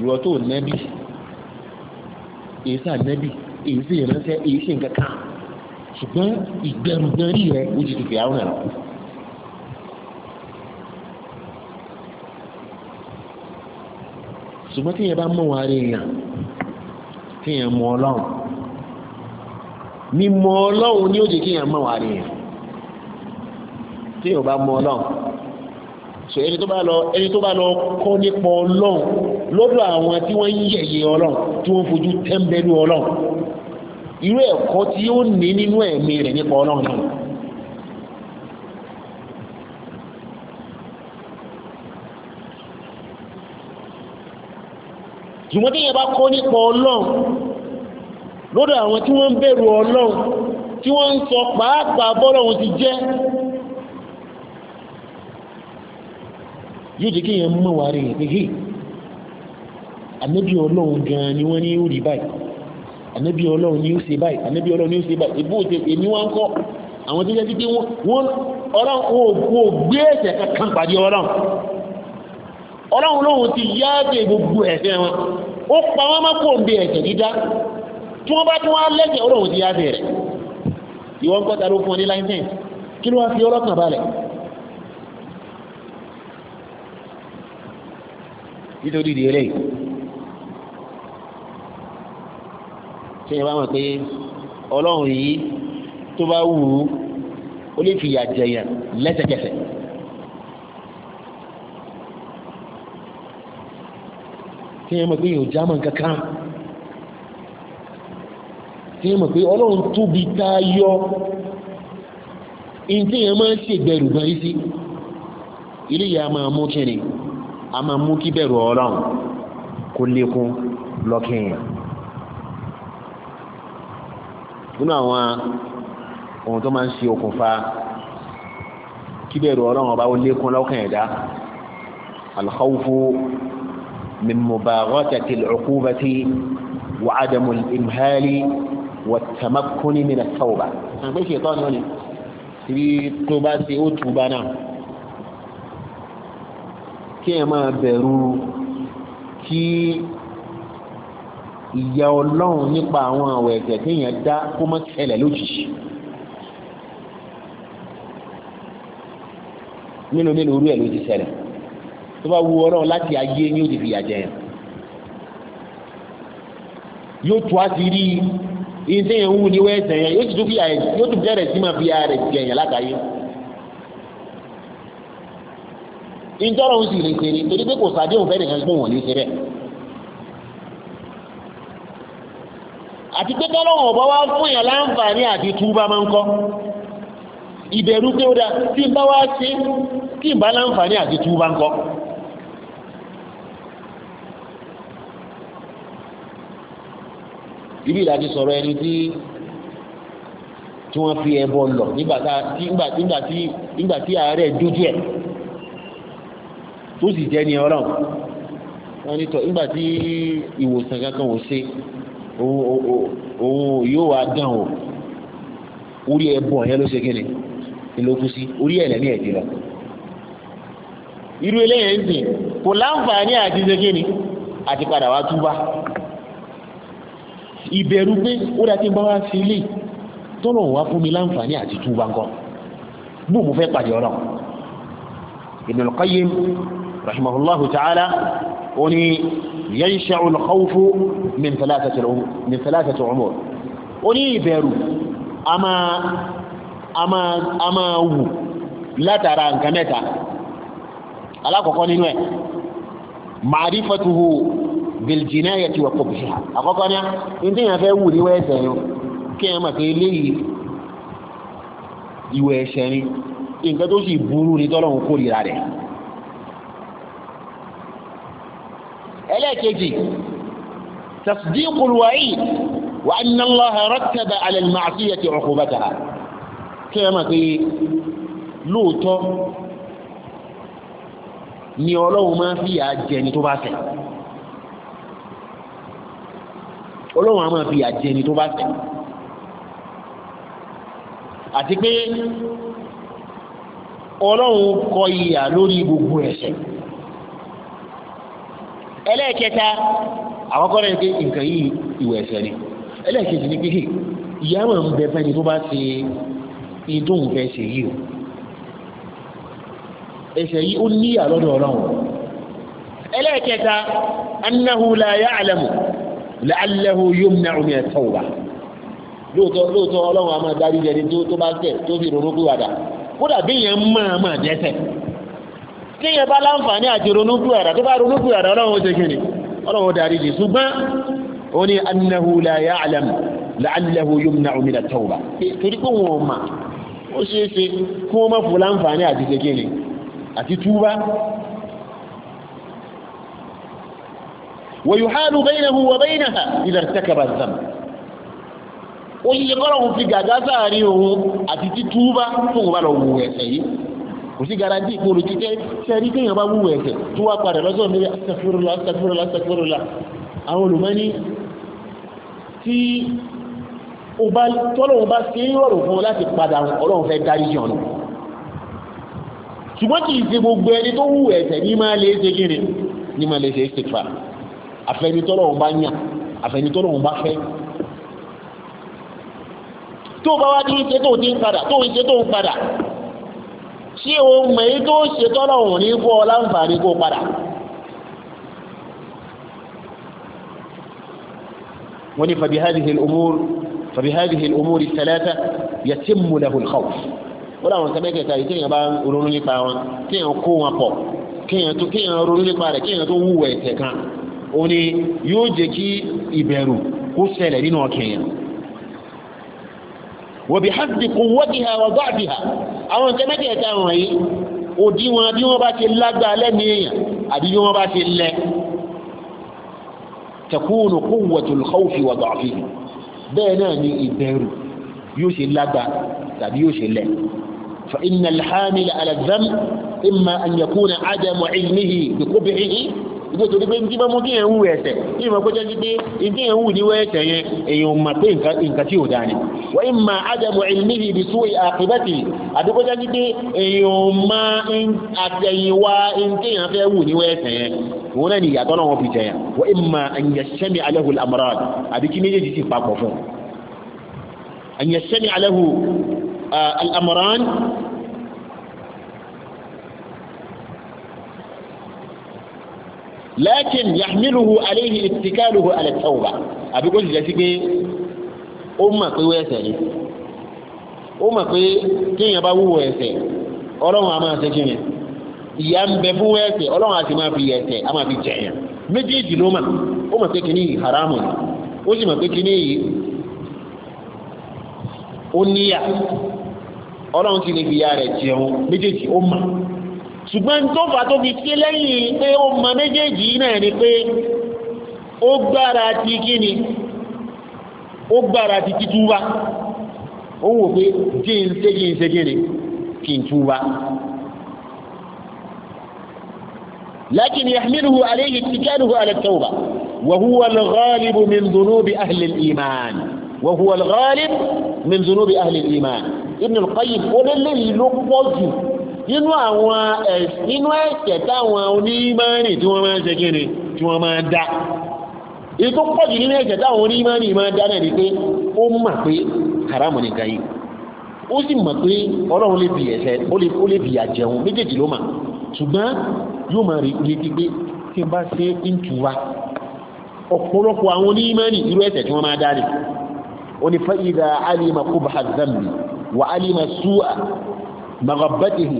ìwọ tó nẹ́bì èyí sà nẹ́bì èyí sì ránṣẹ́ èyí sì ń kankan ṣùgbọ́n ìgbẹ̀rùgbẹ̀rì rẹ ó ti tètè àwọn ẹ̀rọ. ṣùgbọ́n tí yẹn bá mọ̀ wàá rí èèyàn tí yẹn mọ̀ ọlọ́run mímọ̀ ọlọ́run ni ó jẹ́ kí yẹn mọ̀ wàá rí èèyàn tí yẹn bá mọ̀ ọlọ́run ṣe ẹni tó bá lọ ẹni tó bá lọ kọ́ nípa ọlọ́run lọ́dọ̀ àwọn tí wọ́n ń yẹ̀yẹ̀ ọlọ́run tí wọ́n fojú tẹ́ńbẹ́lú ọlọ́run irú ẹ̀kọ́ tí ó ní nínú ẹ̀mí rẹ̀ nípa ọlọ́run náà ṣùgbọ́n tí yẹn bá kọ́ nípa ọlọ́run lọ́dọ̀ àwọn tí wọ́n ń bẹ̀rù ọlọ́run tí wọ́n ń sọ pàápàá bọ́lọ́run ti jẹ́ yóò jẹ́ kí yẹn mọ̀ wá rí ẹ̀ pé hey ànábì ọlọ́run gan ni wọ́n ní ó rí báyìí ànábì ọlọ́run ni ó ṣe báyìí ànábì ọlọ́run ni ó ṣe báyìí ìbú òde èmi wá ń kọ́ àwọn tó jẹ́ títí wọ́n ọlọ́run ò gbé ẹ̀ṣẹ̀ kankan pàdé ọlọ́run ọlọ́run lóhun ti yáàgbé gbogbo ẹ̀ṣẹ̀ wọn ó pa wọ́n má kó ń bẹ dídá tí wọ́n bá tún wá lẹ́ṣẹ̀ ọlọ́run ti yáàgbé rẹ̀ ìwọ́n kọ́ta ló fún ọ ní láìsẹ̀nsì kí ló wá fi ọlọ́kàn balẹ̀ nítorí ìdí eléyìí tí yẹn bá mọ̀ pé ọlọ́run yìí tó bá wù ú ó lè fìyà jẹyàn lẹ́sẹ̀kẹsẹ̀. tí yẹn mọ̀ pé yóò já mọ̀ kankan tí yẹn mọ̀ pé ọlọ́run tóbi tá a yọ ní tí máa ń ṣègbẹ̀rù gan yìí sí ilé yìí a máa mú kí ni a máa mú kí bẹ̀rù ọlọ́run kó lékún lọ́kàn nínú àwọn ohun tó máa ń ṣe okùnfà kíbẹ̀rù ọlọ́run ọba ó lékún lọ́kàn ẹ̀dá alkhawfu min mubaghatati al'uqubati wa adamu al-imhali wa tamakkuni min at ìyà ọlọ́run nípa àwọn àwọ̀ ẹ̀ṣẹ̀ téèyàn dá kó má ṣẹlẹ̀ lójijì. mélòó mélòó orú ẹ̀ ló ti ṣẹlẹ̀ tó bá wu ọlọ́run láti ayé ni ó ti fìyà jẹ yẹn yóò tú àṣírí yìí téèyàn ń wù ní wẹ́ẹ̀sẹ̀ yẹn yóò tún fìyà yóò tún bẹ̀rẹ̀ sí máa fìyà rẹ̀ jẹ yẹn látàyè. ìjọ́rọ̀ ń sì rìn kiri torí pé kò sàdéhùn fẹ́ẹ́ nìkan pé ní í bẹ́ẹ̀. àti pé tọ́lọ́wọ̀n ọ̀bọ̀ wá fún èèyàn láǹfààní àti túbá máa ń kọ́ ìbẹ̀rù pé ó dá tí bá wá sí kí ìbá láǹfààní àti túbá ń kọ́ ibi ìdájí sọ̀rọ̀ ẹni tí tí wọ́n fi ẹbọ lọ nígbà tí ààrẹ dójú ẹ̀ tó sì jẹ́ ni ọlọ́run wọ́n ní tọ́ nígbà tí ìwòsàn kankan ò ṣe òun yóò wá dán o orí ẹbùn ọ̀yẹ́ ló ṣe kí ni ìlókù sí orí ẹ̀ lẹ́ni ẹ̀dì lọ. irú eléyìí ń sìn kò láǹfààní àti ṣe kí ni àti padà wá túbá ìbẹ̀rù pé ó dá tí bá wá sí ilé tọ́lọ̀ wá fún mi láǹfààní àti túbá ńkọ́ bó mo fẹ́ pàdé ọ̀rọ̀ Ibn al-Qayyim rahimahullahu ta'ala ó ní yansha'u al-khawfu min thalathati um-, umur ó ní ìbẹ̀rù a máa wù látara nǹkan mẹ́ta alákọ̀ọ́kọ́ nínú ẹ̀ ma'rifatuhu biljinayati wa qubhiha àkọ́kọ́ ní ìdí yàn fẹ́ wù ní wẹ́ẹ̀sẹ̀ yìí kí ẹ mọ̀ pé léyìí ìwẹ̀ ẹ̀ṣẹ̀ ni nǹkan tó sì burú ní tọ́lọ́run kórìíra rẹ̀ ẹlẹ́ẹ̀kejì tasdiqul wa'id wa anna Allaha rattaba 'ala al-ma'siyati 'uqubataha kí ẹ máa pé lóòótọ́ ni ọlọ́run máa fi yà jẹni tó bá ṣẹ̀ ọlọ́run a máa fi yà jẹni tó bá ṣẹ̀ àti pé ọlọ́run kọ ìyà lórí gbogbo ẹ̀ṣẹ̀ ẹlẹ́ẹ̀kẹta àkọ́kọ́ rẹ̀ pé nǹkan yìí ìwẹ̀ ẹ̀ṣẹ̀ ni ni pé ìyá máa ń bẹ fẹ́ni tó bá ṣe iye tó ń fẹ́ ṣe yìí o ẹ̀ṣẹ̀ yìí ó níyà lọ́dọ̀ ọlọ́run ẹlẹ́ẹ̀kẹta alamu la alahu yom na min at-tawbah lóòótọ́ lóòótọ́ ọlọ́run a máa dárí jẹni tó bá tẹ̀ tó fi ronú kúwàdà kódà bí máa máa téèyàn bá láǹfààní àti ronúkú ẹ̀dà tó bá ronúkú ẹ̀dà ọlọ́run ó ṣe kí ni ọlọ́run ó darí jì ṣùgbọ́n ó ní annahu la ya'lam la'allahu yumna'u min at-tawba torí pé wọn mà ó ṣe é ṣe kí wọ́n má fún àti ṣe kí àti túbá ويحال بينه وبينها kò sí garanti ìpòrò títẹ́ sẹ́rí téèyàn bá wúwo ẹ̀ṣẹ̀ tó wá padà lọ́sọ̀ mi astaghfirullah astaghfirullah astaghfirullah àwọn olùmọ́ni tí tọ́lọ́run bá ṣe é rọrùn fún láti padà ọlọ́run fẹ́ dárí jì ọ̀nà ṣùgbọ́n kì í ṣe gbogbo ẹni tó wúwo ẹ̀ṣẹ̀ ní máa lè ṣe kí ni máa lè ṣe istighfar àfẹnitọ́lọ́run bá yàn àfẹnitọ́lọ́run bá fẹ́ tó bá wá ní ṣe tó ti ń padà tó ń ṣe tó ń padà ṣé o mọ̀ èyí tó ṣe tọ́lọ̀ òun ní fún ọ láǹfààní kó padà wọ́n ní fàbí hadhihi al-umur fàbí hadhihi al-umur ath-thalatha yatimmu lahu al-khawf wọ́n àwọn nǹkan mẹ́kẹ̀ẹ́ta yìí kéèyàn bá ronú nípa wọn kéèyàn kó wọn pọ̀ kéèyàn ronú nípa rẹ̀ kéèyàn tó wúwo ẹ̀ṣẹ̀ kan ó ní yóò jẹ́ kí ìbẹ̀rù kó ṣẹlẹ̀ nínú ọkàn wọ̀bí hásìkò wọ́dìhà ọ̀dọ́ àdìhà àwọn nǹkan mẹ́tẹ̀ẹ̀ta wọ̀nyí òdiwọ̀n bí wọ́n bá ti lágbàá lẹ́nu èèyàn àbí bí wọ́n bá ti lẹ takunu quwwatul khawfi wa da'fihi bẹ́ẹ̀ náà ni ìbẹ̀rù yóò ṣe lágbàá tàbí ìgbé torí pé ní mọ́mú kí ẹ̀ ń wù ẹ̀sẹ̀ ní ìmọ̀ pé jẹ́jú pé ìdí ẹ̀ ń wù níwọ̀ ẹ̀sẹ̀ yẹn èèyàn mà pé nǹkan tí ò dáa ni wọ́n ń ma ájàmọ̀ ẹ̀mí ibi tó àkíbẹ́tì àdúgbò jẹ́jú pé èèyàn ma àtẹ̀yìnwá ìkéyàn fẹ́ wù níwọ̀ ẹ̀sẹ̀ yẹn òun náà ni ìyàtọ̀ náà wọ́n fi jẹyàn wọ́n lakin yahmiluhu alayhi ittikaluhu ala tawba ala kó sì jẹ́ o ma pe mọ̀ pé wọ́n ẹsẹ̀ ni ó mọ̀ pé kéèyàn a máa ṣe kí ni a sì máa fi ẹsẹ̀ a máa fi jẹ̀yàn méjèèjì ló mà o haramu ni o ya rẹ̀ ṣùgbọ́n tó fà tó fi ké lẹ́yìn pé ó mọ méjèèjì náà ni pé ó gbára ti kí ni ó gbára ti títúwá ó wò pé kí n ṣe kí n ṣe kí ni kí n túwá لكن يحمله عليه اتكاله على التوبة وهو الغالب من ذنوب أهل الإيمان وهو الغالب من ذنوب أهل الإيمان ابن القيم قل لي لقوة nínú àwọn nínú ẹ̀ṣẹ̀ táwọn onímọ̀rìn tí wọ́n máa ń ṣe kéré tí wọ́n máa ń dá ìtò pọ̀jù nínú ẹ̀ṣẹ̀ táwọn onímọ̀rìn máa ń dá náà ni pé ó mọ̀ pé haramu ni nǹkan yìí ó sì mọ̀ pé ọlọ́run lè bì ẹ̀ṣẹ̀ ó lè bì àjẹun méjèèjì ló mà ṣùgbọ́n yóò máa rí ní pípé tí bá ṣe ń tura ọ̀pọ̀lọpọ̀ àwọn onímọ̀rìn irú ẹ̀ṣẹ̀ tí wọ́n máa dá ni ó ìdá alima kó bá مغبته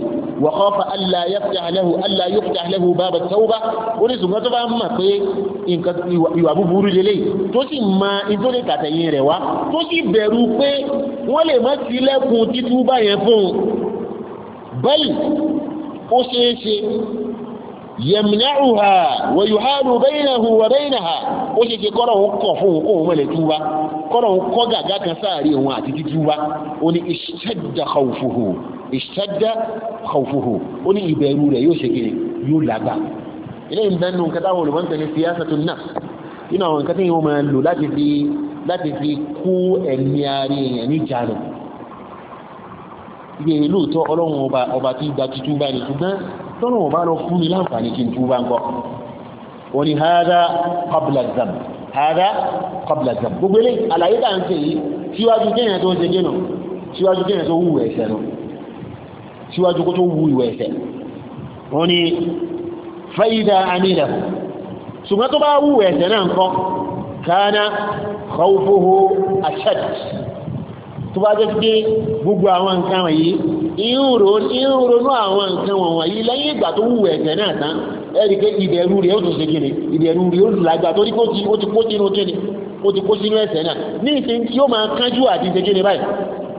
وخاف ألا يفتح له ألا يفتح له باب التوبة orísun kan tó bá mọ̀ pé ìwà búburú lélẹ̀ tó sì mọ nítorí kàtẹ̀yìn rẹ̀ wá tó sì bẹ̀rù pé wọ́n lè má sí lẹ́kùn títú báyẹn fún un bẹ́ẹ̀ ó ṣeé ṣe yẹmìnáhùhà wọ̀yùhárù bẹ́yìnàhù wọ̀bẹ́yìnàhà ó ṣe ṣe kọ́rọ̀ ń kọ̀ fún òun mẹ́lẹ̀ túwá kọ́rọ̀ ń kọ́ gàgá kan sáàrí òun àti títúwá ó ní ìṣẹ́dà kàùfùhù ìṣẹ́dà kàùfùhù ó ní ìbẹ̀rù rẹ̀ yóò ṣe kiri yóò lágbà ilé ìbẹ́nu nǹkan táwọn olùmọ̀ǹtẹ̀ ní fiyásà tó nà nínú àwọn nǹkan tí yóò máa lò láti fi kú ẹ̀mí ara tọ́nà wọn bá lọ fún mi láǹfààní kí n túbá ń kọ́ wọ́n ni hada qabla zam hada qabla zam gbogbo ilé àlàyé tà ń ṣe yìí síwájú kéèyàn tó ń ṣe génà síwájú kéèyàn tó wúwo ẹ̀ṣẹ̀ nù síwájú kó tó wú ẹ̀ṣẹ̀ wọ́n fa'ida amina ṣùgbọ́n tó bá wúwo ẹ̀ṣẹ̀ náà ń kọ́ kana khawfuhu ashad tó bá jẹ́ pé gbogbo àwọn nǹkan wọ̀nyí ìrònú àwọn nǹkan wọ̀nyí lẹ́yìn ìgbà tó wù ẹ̀ṣẹ̀ náà tán ẹ̀rí pé ìbẹ̀rù rẹ̀ ó tún ṣe kíni ìbẹ̀rù rẹ̀ ó lágbà torí ó ti kó sínú kíni ó ti kó sínú ẹ̀ṣẹ̀ náà ní ìsìn tí ó máa kánjú àti ṣe kíni báyìí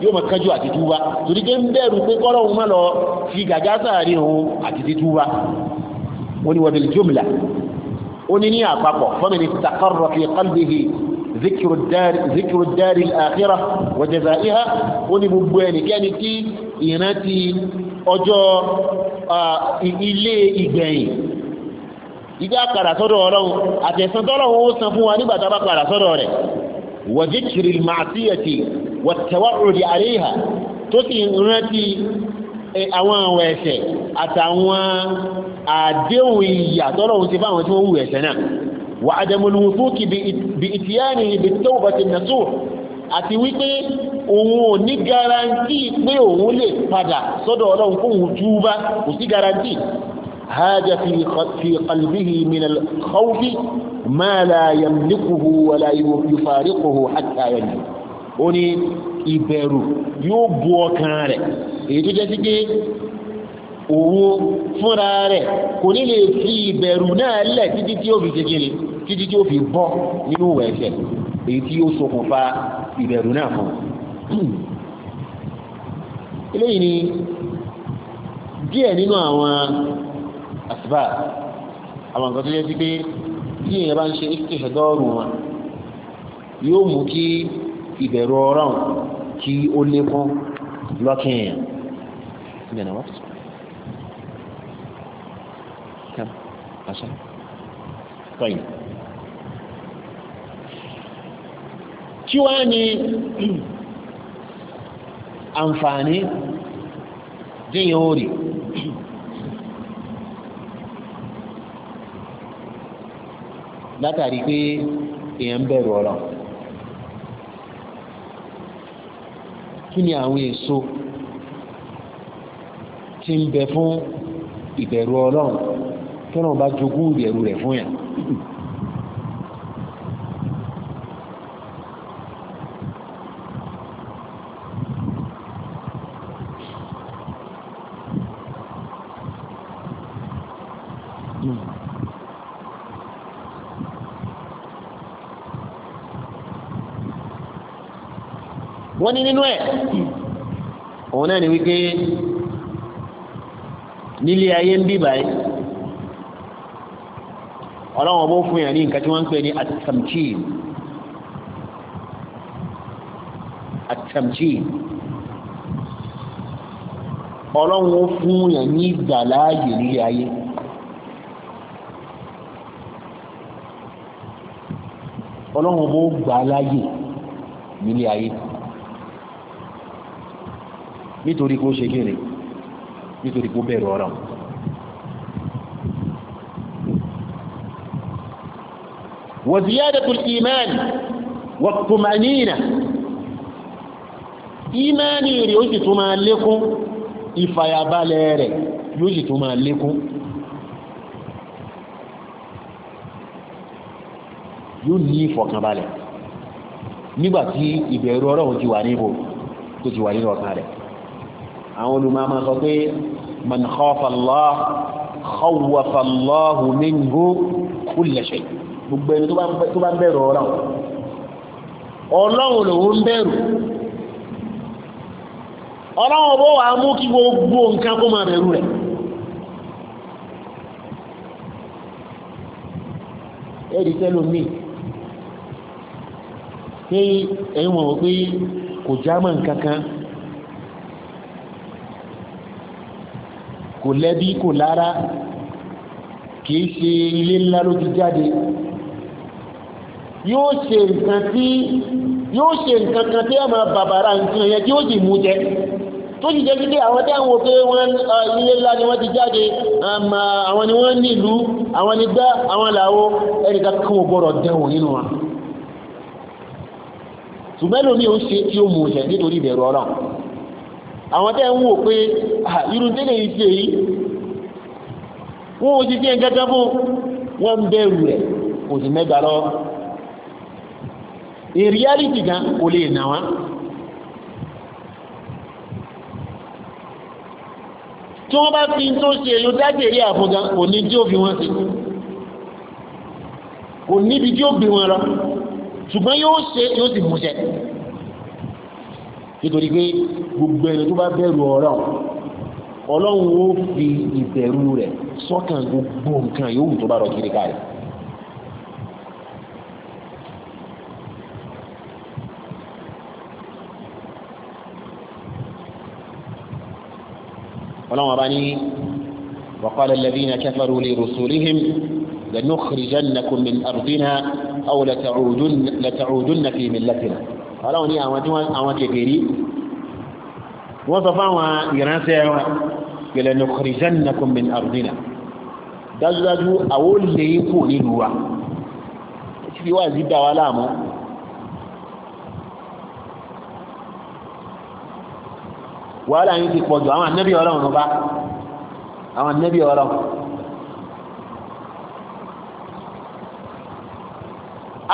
yóò máa kánjú àti túbá torí pé ń bẹ̀rù pé kọ́rọ̀ òun má lọ fi gàgá sáàrin òun àti ti túbá wọ́n ni wọ́n bẹ̀rẹ̀ jùmùlà ó ní ní àpapọ̀ fọ́mìnì takọ́rọ̀ fi kọ́lbìhì zikiru dari zikiru dari àkírà wọ̀jẹ̀zà ìhá ó ní gbogbo ẹnikẹ́ni tí ìrántí ọjọ́ ilé ìgbẹ̀yìn ìgbà padà sọ́dọ̀ ọlọ́run àtẹ̀sán tọ́lọ́run ó san fún wa nígbà tá a bá padà sọ́dọ̀ rẹ̀ wọ̀jẹ̀kiri màtíyàtì wọ̀tẹ̀wá òrì àríhà tó sì rántí e, àwọn àwọn ẹ̀ṣẹ̀ àtàwọn àdéhùn ìyà tọ́lọ́run ti fáwọn tí wọ́n wù ẹ̀ṣẹ̀ náà وعدم الوثوق بإتيانه بالتوبة النصوح àti wípé òun ò ní garanti pé òun lè padà sọ́dọ̀ ọlọ́run kó òun jú bá kò sí garanti haja fi qalbihi min al-khawfi ma la yamlikuhu wa la yufariquhu hatta yanju ó ní ìbẹ̀rù yóò bu ọkàn rẹ̀ èyí tó jẹ́ sí òun fúnra rẹ̀ kò ní lè fi ìbẹ̀rù náà lẹ̀ títí tí ó fi kékeré títí tí ó fi bọ́ nínú ìwà èyí tí ó ṣokùnfà ìbẹ̀rù náà fún eléyìí ni díẹ̀ nínú àwọn àsìbá àwọn nǹkan tó yẹ sí pé tí èèyàn bá ń ṣe ìṣẹ̀dọ́rù wọn yóò mú kí ìbẹ̀rù ọ̀rọ̀ kí ó lékún lọ́kàn èèyàn حسن طيب kí wá ní àǹfààní díyàn orí látàrí pé èèyàn ń bẹ̀rù ọ̀rọ̀ kí ni àwọn èso tí ń bẹ fún ìbẹ̀rù ọlọ́run tọ́nà bá jogún ìrẹ̀rù rẹ̀ fún yà wọ́n ní nínú ẹ̀ òun náà ni wípé nílé ayé ń bíbáyé ọlọ́wọ́n bó fún yàn ní nǹkan tí wọ́n ń pè ní at-tamkin at-tamkin ọlọ́wọ́n fún yàn ní ìgbàláàyè nílé ayé ọlọ́wọ́n bó gbàláàyè nílé ayé nítorí kó ṣe kéré nítorí kó bẹ̀rù ọlọ́wọ́n وزيادة الإيمان والطمأنينة ìmáàni rẹ̀ ó sì tún máa lékún ìfàyàbalẹ̀ rẹ̀ yóò sì tún máa lékún yóò ní ìfọ̀kànbalẹ̀ nígbàtí ìbẹ̀rù Ọlọ́run ti wà níbo tó ti wà nínú ọkàn rẹ̀ àwọn olùmọ̀ máa sọ pé man khafa Allah khawwafa Allahu minhu kulla shay' gbogbo ẹni tó bá ń bẹ̀rù ọ̀rọ̀ ọlọ́run lòun ń bẹ̀rù ọlọ́run bó wà mú kí gbogbo nǹkan kó máa bẹ̀rù rẹ̀ ẹ̀rì tẹ́lò pé ẹ̀wọ̀n pé kò já mọ́ nǹkan kan kò lẹ́bí kò lára kìí ṣe ilé ńlá ló ti jáde yóò ṣe nǹkan tí yóò ṣe nǹkan kan tí a máa bàbàrà nǹkan yẹn tí ó sì mú jẹ tó sì jẹ́ títí àwọn tí àwọn òpé wọn ilé ńlá ni wọ́n ti jáde àwọn ni wọ́n nílùú àwọn ni gbá àwọn làwọ ẹnìkan kan ò gbọ́dọ̀ dẹ̀wò nínú wa ṣùgbọ́n lómi ò ṣe tí ó mú jẹ nítorí ìbẹ̀rù ọlọ́run àwọn tẹ́ ń wò pé irú délé ìṣe yìí wọ́n ò sì fi ẹ̀ fún wọ́n bẹ̀rù rẹ̀ kò sì mẹ́gbàá lọ́wọ́ in reality gan kò lè nà wọ́n tí wọ́n bá fi tó ṣe yóò dájẹ̀ rí àfúnga kò ní tí ó fi wọ́n sí kò níbi tí ó bí wọn lọ ṣùgbọ́n yóò ṣe yóò sì mú ṣẹ nítorí pé gbogbo ẹni tó bá bẹ̀rù ọ̀rọ̀ ọlọ́run ó fi ìbẹ̀rù rẹ̀ sọ́kàn gbogbo nǹkan yóò tó bá rọ kiri káàrẹ̀ فلمرني وقال الذين كفروا لرسولهم لنخرجنكم من أرضنا أو لتعودن, لتعودن في ملتنا فلوني أمد جبيري وصفاوا يناسا لنخرجنكم من أرضنا دلدوا أول ليكون هو في وازد دوالامه wàhálà yìí ti pọ̀ jù àwọn ànábì ọlọ́run bá àwọn ànábì ọlọ́run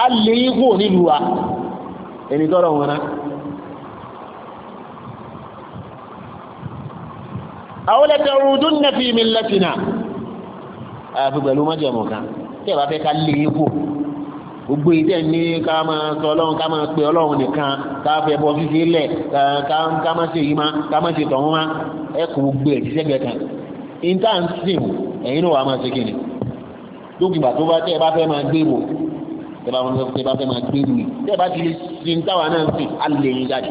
a lè yí kúrò nílùú wa ẹni tọ́rọ wọn náà àwọn ẹ̀tẹ̀rù dún nà fi mi lẹ́tìnà àfi pẹ̀lú mọ́jẹ̀mọ̀ kan tẹ́ẹ̀bá fẹ́ ká lè yí kúrò gbogbo ìdí ẹ̀ ní ká máa sọ ọlọ́run ká máa pe ọlọ́run nìkan ká fẹ́ bọ́ fífi lẹ̀ ká má ṣe yìí má ká má ṣe tọ̀hún má ẹ kò gbogbo ẹ̀ sísẹ́gbẹ̀ kan intanṣin ẹ̀yin náà wàá máa ṣe kìnnì lókùnbà tó bá tẹ́ ẹ bá fẹ́ máa gbé wò tẹ́ bá fẹ́ máa gbé wì tẹ́ bá ti ṣe ń táwa náà sìn á lè yín jáde.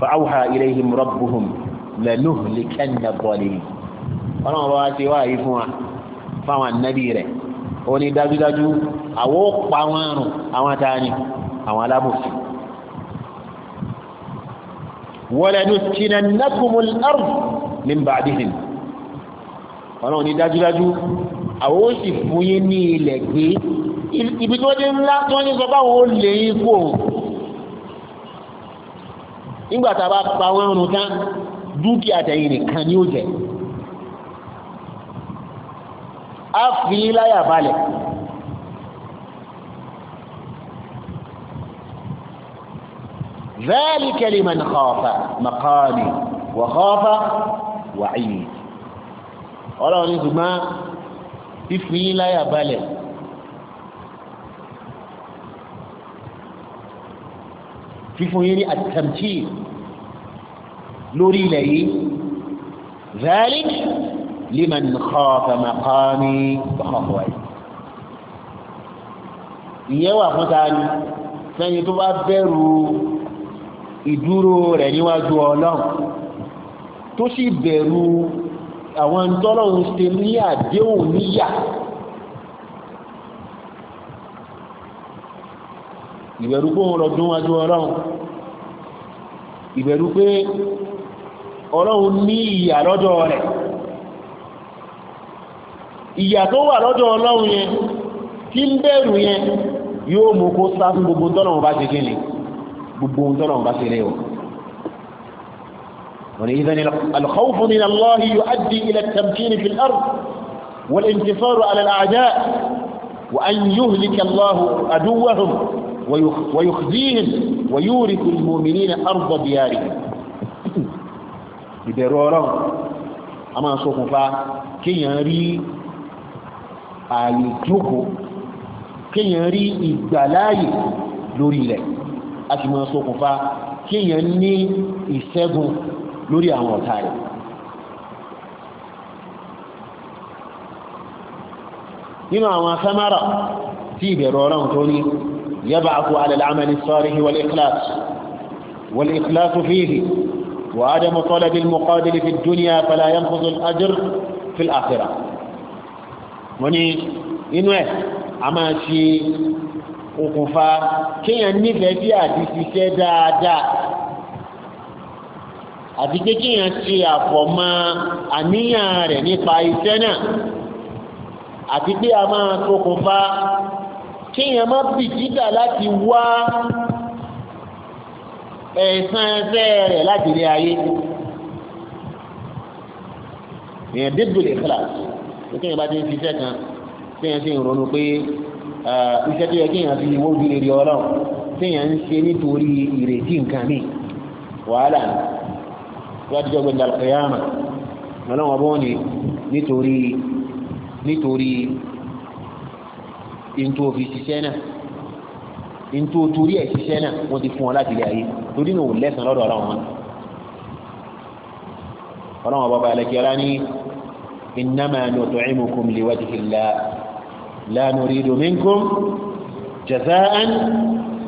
fa awha ilayhim rabbuhum lanuhlikanna adh-dhalimin ọlọ́run bá wá ṣe wáyé fún wa fáwọn ànábì rẹ̀ Oni ní dájúdájú àwọn ó pa wọn rùn àwọn àtàní àwọn alábòsí walanuskinnannakumul ard min ba'dihim ọlọ́run oni dájúdájú àwọn ó sì fún yín ní ilẹ̀ gbé ibi tó dé ńlá tí wọ́n ní sọ báwọn ó lè yín kó nígbà tá bá pa wọ́n run tán dúkìá tẹ̀yìn nìkan ni ó jẹ́ á fi láyà balẹ̀ ذلك لمن خاف مقامي وخاف وعيد ọlọ́run ní ṣùgbọ́n fífi yín láyà balẹ̀ fífún yín ní àtàmtí lórí ilẹ̀ yìí ذلك لمن خاف maqami khafa wáyé ìyẹn wà fún tani lẹ́yìn tó bá bẹ̀rù ìdúró rẹ̀ níwájú ọlọ́run tó sì bẹ̀rù àwọn tọ́lọ́run ṣe ní àdéhùn níyà ìbẹ̀rù pé òun lọ́dún wájú ọlọ́run ìbẹ̀rù pé ọlọ́run ìyà tó wà lọ́jọ́ ọlọ́run yẹn kí ń bẹ̀rù yẹn yóò mú kó sá fún gbogbo tọ́lọ̀wọ̀n bá ṣe ṣe rẹ̀ wọ́n ni gbogbo tọ́lọ̀wọ̀n bá ṣe lẹ́ won الخوف من الله يؤدي إلى التمكين في الأرض والانتصار على الأعداء وأن يهلك الله عدوهم ويخزيهم ويورث المؤمنين أرض ديارهم ìbẹ̀rù ọlọ́run a máa sọ ṣokùnfà kíyàn rí ààyè jókòó kéèyàn rí ìgbàláyè lórí rẹ̀ a ti máa ṣokùnfà kéèyàn ní ìṣẹ́gun lórí àwọn ọ̀tá rẹ̀ nínú àwọn samara tí ìbẹ̀rù ọlọ́run tó ní يبعث على العمل الصالح والإخلاص والإخلاص فيه وعدم طلب المقابل في الدنيا فلا ينقص الأجر في الآخرة wọ́n ní inú ẹ̀ a máa ṣe okùnfà kéèyàn nífẹ̀ẹ́ bí àdìsíṣẹ́ dáadáa àti pé kéèyàn ṣe àfọ̀mọ́ àníyàn rẹ̀ nípa iṣẹ́ náà àti pé a máa ṣokùnfà kéèyàn má bìkítà láti wá ẹ̀san ẹsẹ̀ rẹ̀ láti rí ayé èèyàn dídùn lè kíláàsì kéèyàn bá ti ń ṣiṣẹ́ kan kéèyàn sì ń ronú pé iṣẹ́ tó yẹ kéèyàn fi wójú lè rí ọlọ́run kéèyàn ń ṣe nítorí ìrètí nǹkan mi wàhálà ni wọ́n ti jọ gbẹ̀dẹ̀ àlùkìyàmà ọlọ́run ọbọ̀ ni nítorí nítorí ntò fi ṣiṣẹ́ náà ntò torí ẹ̀ ṣiṣẹ́ náà wọ́n ti fún ọ láti ilé ayé torí náà lẹ́sàn lọ́dọ̀ ọlọ́run ọlọ́run ọba balẹ̀ kí إنما نطعمكم لوجه الله لا نريد منكم جزاء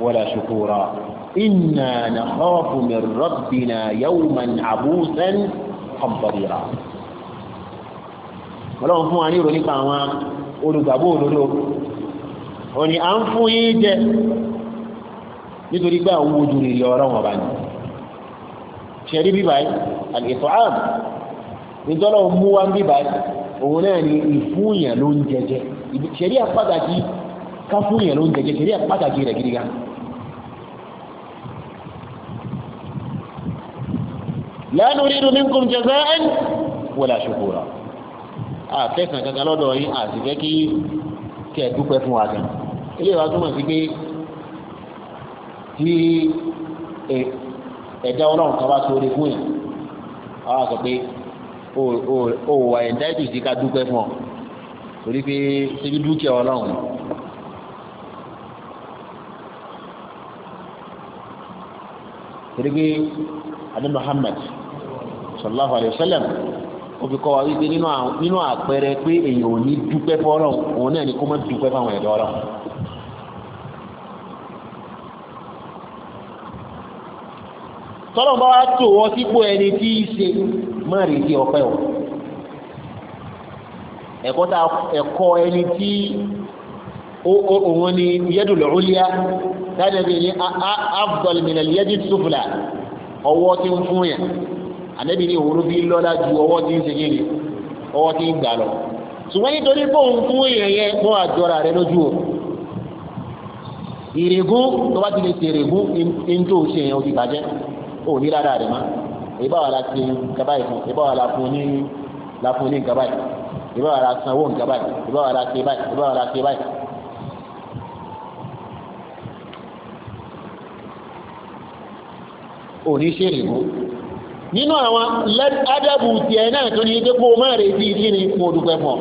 ولا شكورا إنا نخاف من ربنا يوما عبوسا قمطريرا ọlọ́run fún wa ní ìròyìn pa àwọn olùgbàgbọ́ òdodo òní à ń fún yín jẹ nítorí pé àwọn ojú rèé ọ̀rọ̀ wọn bá ní ṣe rí bíbáyìí àlè ètò ààbò nítọ́lọ̀ mú wá ń bíbá òun náà ni ìfúnyàn ló ń jẹjẹ ṣẹ̀rí àpàtàkì ká fúnyàn ló ń jẹjẹ ṣẹ̀rí àpàtàkì rẹ̀ gidi gan la nuridu minkum jaza'an wala shukura àfẹ́sàn kankan lọ́dọ̀ yín àti fẹ́ kí kẹ́ fún wa gan ilé ìwà túmọ̀ sí pé tí ẹ̀dá ọlọ́run kan bá sóore fún yàn àwọn àgbẹ̀ o o wà ẹ̀ńdáìtì sí ká dúpẹ́ fún ọ torí pé ṣébi dúkìá ọlọ́run. torí pé adé Muhammad sallallahu alayhi wa sallam ó fi kọ́ wa wípé nínú àpẹẹrẹ pé èèyàn ò ní dúpẹ́ fún ọlọ́run òun náà ni kó má dúpẹ́ fún àwọn ẹ̀dọ́ ọlọ́run. tọ́lọ̀ bá wá tò wọ́n sípò ẹni tí í ṣe má rí di ọpẹ́ o ẹ̀kọ́ ta ẹ̀kọ́ ẹni tí òun ni yẹ́dùn lọ́rùlíà tánàbí ní afdal min al-yadi sufla ọwọ́ tí ń fún yẹn ànábì ní òun bí lọ́lá ju ọwọ́ tí ń ṣe yẹn ọwọ́ tí ń gbà lọ ṣùgbọ́n nítorí pé òun fún yẹn yẹn mọ́ àjọra rẹ lójú o ìrègún tó bá ti lè ṣe ìrègún ní tó ṣe yẹn ó ti bàjẹ́ ò ní ládà rẹ̀ mọ́ ìbáwá la ti nǹkan báyìí fún ìbáwá la fún ní la fún ní nǹkan báyìí ìbáwá la sanwó nǹkan báyìí ìbáwá la ṣe báyìí ìbáwá la ṣe báyìí. òní ṣe rìbó nínú àwọn ládàbù tiẹ̀ náà tó ní pé kó o má retí kí ni kó o dúpẹ́ fún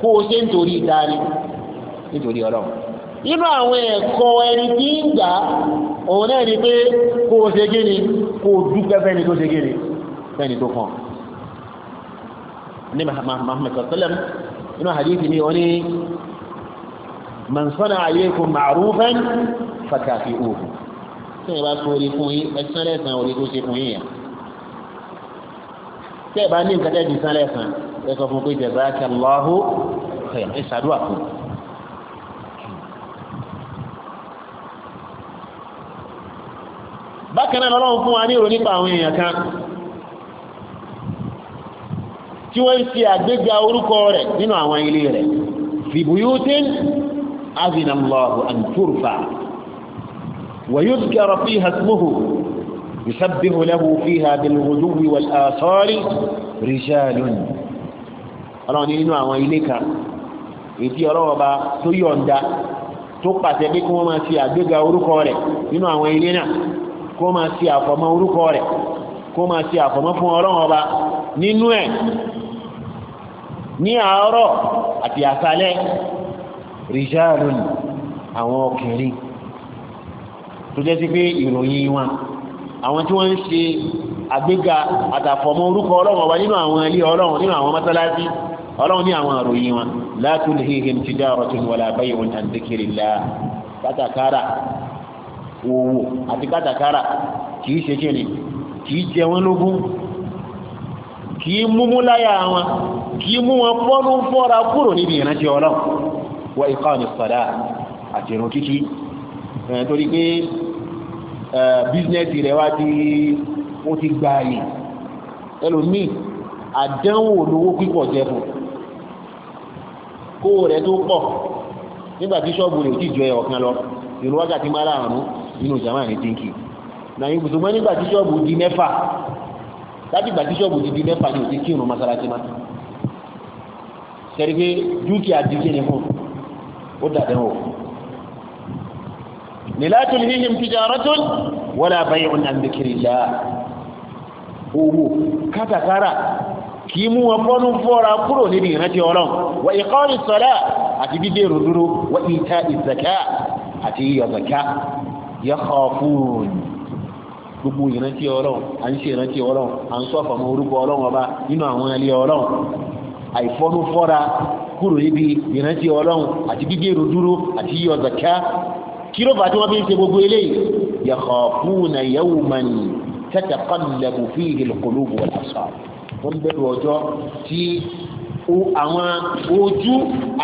kó o ṣe nítorí ìdání nítorí ọlọ́run nínú àwọn ẹ̀kọ́ ẹni tí ń gbà òun náà ni pé kó o ṣe gíní kó o dúpẹ́ fẹ́ni tó ṣe gíní fẹ́ni tó kàn ní Muhammad sallam inú hadithi ni wani man sana alaykum ma'rufan fakafi'uhu tí ẹ bá tó orí fún yí ẹ̀sán lẹ́sàn orí tó ṣe fún yíyàn bákan náà lọ́lọ́run fún wa ní ìrò nípa àwọn èèyàn kan tí wọ́n ń ṣe àgbéga orúkọ rẹ̀ nínú àwọn ilé rẹ̀ fìbúyútín azinallahu an turfa wa yuzkara fiha ismuhu yusabbihu lahu fiha bil ghudwi wal asari rijalun ọlọ́run nínú àwọn ilé kan ètí ọlọ́wọ́ba tó yọ̀ǹda tó pàṣẹ pé kí wọ́n máa ṣe àgbéga orúkọ rẹ̀ nínú àwọn ilé náà kó máa ṣe àfọ̀mọ́ orúkọ rẹ̀ kó máa ṣe àfọ̀mọ́ fún ọlọ́run ọba nínú ẹ̀ ní àárọ̀ àti àṣálẹ́ rìjáàlùn àwọn ọkùnrin tó jẹ́ sí pé ìròyìn wọn àwọn tí wọ́n ń ṣe àgbéga àtàfọ̀mọ́ orúkọ ọlọ́run ọba nínú àwọn ilé ọlọ́run nínú àwọn mọ́sálásí ọlọ́run ní àwọn àròyìn wọn la tulhihim tijaratun wala bay'un an dhikrillah kátàkárà òwò àti kátàkárà kìí ṣe kí ni kìí jẹ wọn lógún kìí múmú láyà wọn kìí mú wọn fọ́nú fọ́ra kúrò níbi ìrántí ọlọ́run wọ ikọ́ ni sọ̀dá àti ìrùn kíkí torí pé bísínẹ́sì rẹ̀ wá ti ó ti gba àyè ẹlòmíì àdánwò lówó pípọ̀ jẹ fún kówó rẹ̀ tó pọ̀ nígbà tí rẹ̀ ò tí ju ọ̀kan lọ ìrù wákàtí máa láàrún nínú jama ní dínkì náà yìí kùsùnmọ́ nígbà tí ṣọ́ọ̀bù di mẹ́fà láti ìgbà tí ṣọ́ọ̀bù ti di mẹ́fà ní òsì kírun mọ́sálásí má sẹ́rí pé dúkìá di kí ni fún ó dà dẹ́wọ̀ nílátùn híhìm tijaratun wala bay'un an dhikrillah owó kátàkárà kì mú wọn fọ́nú fọ́ra kúrò níbi ìrántí ọlọ́run wa iqamis salat àti bíbèrò dúró wa ita'iz zakat àti yíyọ yakhafun gbogbo ìrántí ọlọ́run à ń ṣe ìrántí ọlọ́run à ń sọ́fà mọ́ orúkọ ọlọ́run ọba nínú àwọn ilé ọlọ́run àìfọ́nú fọ́ra kúrò níbi ìrántí ọlọ́run àti gbígbèrò dúró àti yíyọ zaka kí ló bá tí fi ń ṣe gbogbo eléyìí yakhafuna yawman tataqallabu fihi alqulubu wal absar wọ́n bẹ̀rù ọjọ́ tí àwọn ojú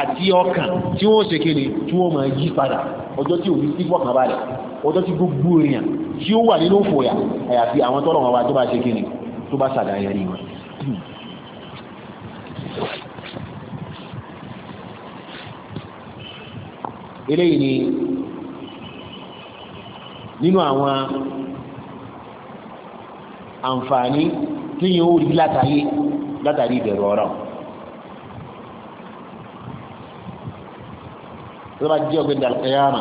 àti ọkàn tí wọ́n ṣe kéde tí wọ́n máa yí padà ọjọ́ tí òní sí fọ́kàn balẹ̀ ọjọ́ tí gbogbo èèyàn tí ó wà nínú fòyà àyàfi àwọn tọ́rọ̀ wọn wá tó bá ṣe kéde tó bá ṣàdáyà rí wọn eléyìí ni nínú àwọn àǹfààní tí yóò rí látàrí látàrí ìbẹ̀rù ọ̀rọ̀ tó bá jẹ́ ọ̀gbìn dàlùkẹ́yàmà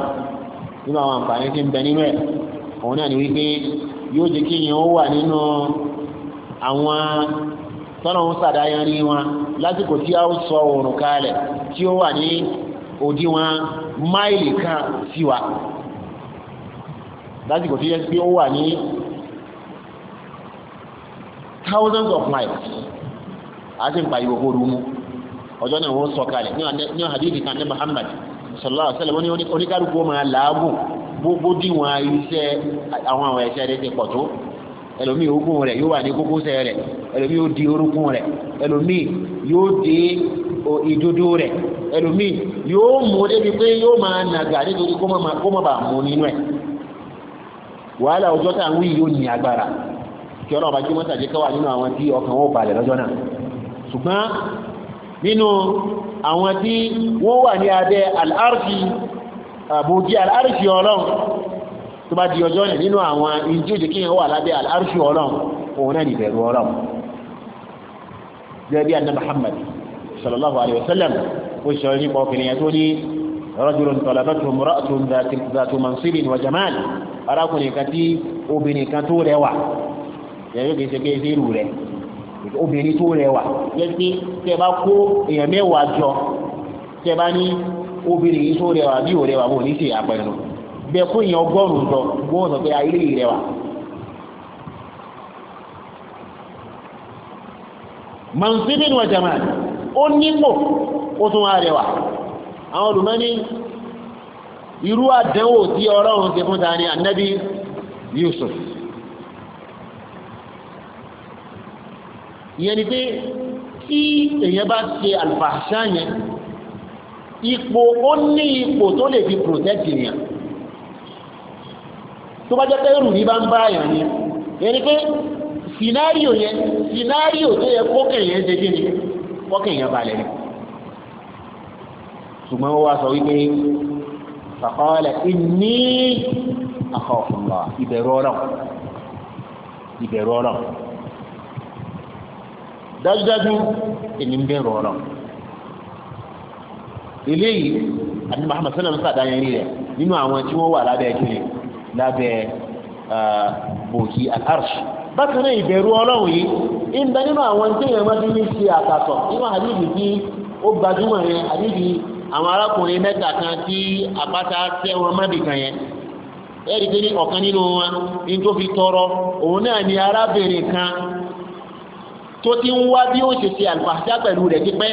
nínú àwọn àǹfààní tí ń bẹ nínú ẹ̀ òun náà ni wípé yóò jẹ́ kí yẹn ó wà nínú àwọn tọ́nà ń sàdáyán rí wọn lásìkò tí a ó sọ oòrùn kalẹ̀ tí ó wà ní òdiwọ̀n máìlì kan sí wa lásìkò tí yẹn ó wà ní thousands of miles a ti ń pariwo ọjọ́ náà wọ́n sọ kalẹ̀ ní ní sallallahu alaihi wasallam ní oníkálukú máa làágùn gbogbo díwọ̀n iṣẹ́ àwọn àwọn ẹ̀ṣẹ̀ rẹ̀ ti pọ̀ tó ẹlòmíì ogun rẹ̀ yóò wà ní kókósẹ̀ rẹ̀ ẹlòmíì yóò di orúnkún rẹ̀ ẹlòmíì yóò di ìdodo rẹ̀ ẹlòmíì yóò mú débi pé yóò máa nàgà nítorí kó má bàa mú nínú ẹ̀ wàhálà ọjọ́ tá à ń wí yóò ní agbára kí ọlọ́ọ̀bá kí wọ́n tàjẹ́ káwà nínú àwọn tí ọkàn wọn balẹ̀ lọ́jọ́ náà ṣùgbọ́n nínú àwọn tí wọ́n wà ní abẹ́ al'arfi àbòjí al'arfi ọlọ́run tó bá di ọjọ́ ní nínú àwọn ìjíòjì kí wọ́n wà lábẹ́ al'arfi ọlọ́run òun náà nìbẹ̀rù ọlọ́run gẹ́gẹ́ bí annabi Muhammad sallallahu alaihi wasallam ó ṣe orí pọkìnrin yẹn tó ní rajulun talabatu imra'atun dhatu mansibin ṣe kéèṣe rẹ̀ obìnrin tó rẹwà jẹ́ pé tẹ bá kó èèyàn mẹ́wàá jọ tẹ bá ní obìnrin yìí tó rẹwà bí ò rẹwà bò ní ṣe àpẹẹrẹ bẹ kó èèyàn ọgọ́rùn-ún jọ gbọ́n sọ pé ayé yìí rẹwà. mansibin wa jama'a ó nípò ó tún wá rẹwà àwọn olùmọ́ni irú àdánwò tí ọlọ́run ti fún ta ni annabi Yusuf ìyẹn ni pé tí èyàn bá ṣe àlùfàṣà yẹn ipò ó ní ipò tó lè fi protect èyàn tó bá jẹ́ pé rù ní bá ń bá èyàn ni ìyẹn ni pé scenario yẹn scenario tó yẹ kókè ṣe kí ni kókè balẹ̀ ni ṣùgbọ́n wá sọ wípé fàkọ́ọ́lẹ̀ inni akhafu Allah ìbẹ̀rù ọlọ́run dájúdájú èmi ń bẹ̀rù ọ̀rọ̀ eléyìí àti Muhammad sallam sàdáyẹn rí rẹ̀ nínú àwọn tí wọ́n wà lábẹ́ kiri lábẹ́ bòkì al bákan náà ìbẹ̀rù ọlọ́run yìí ń bẹ nínú àwọn tí èèyàn máa ń ṣe nínú àdìbì tí ó yẹn àdìbì àwọn arákùnrin kan tí àpáta wọn má bìkan yẹn ẹ̀rí pé ní ọ̀kan nínú wọn ní tó fi tọrọ òun náà ni arábìnrin kan tó ti ń wá bí ó ṣe ṣe àlùfàṣà pẹ̀lú rẹ̀ ti pẹ́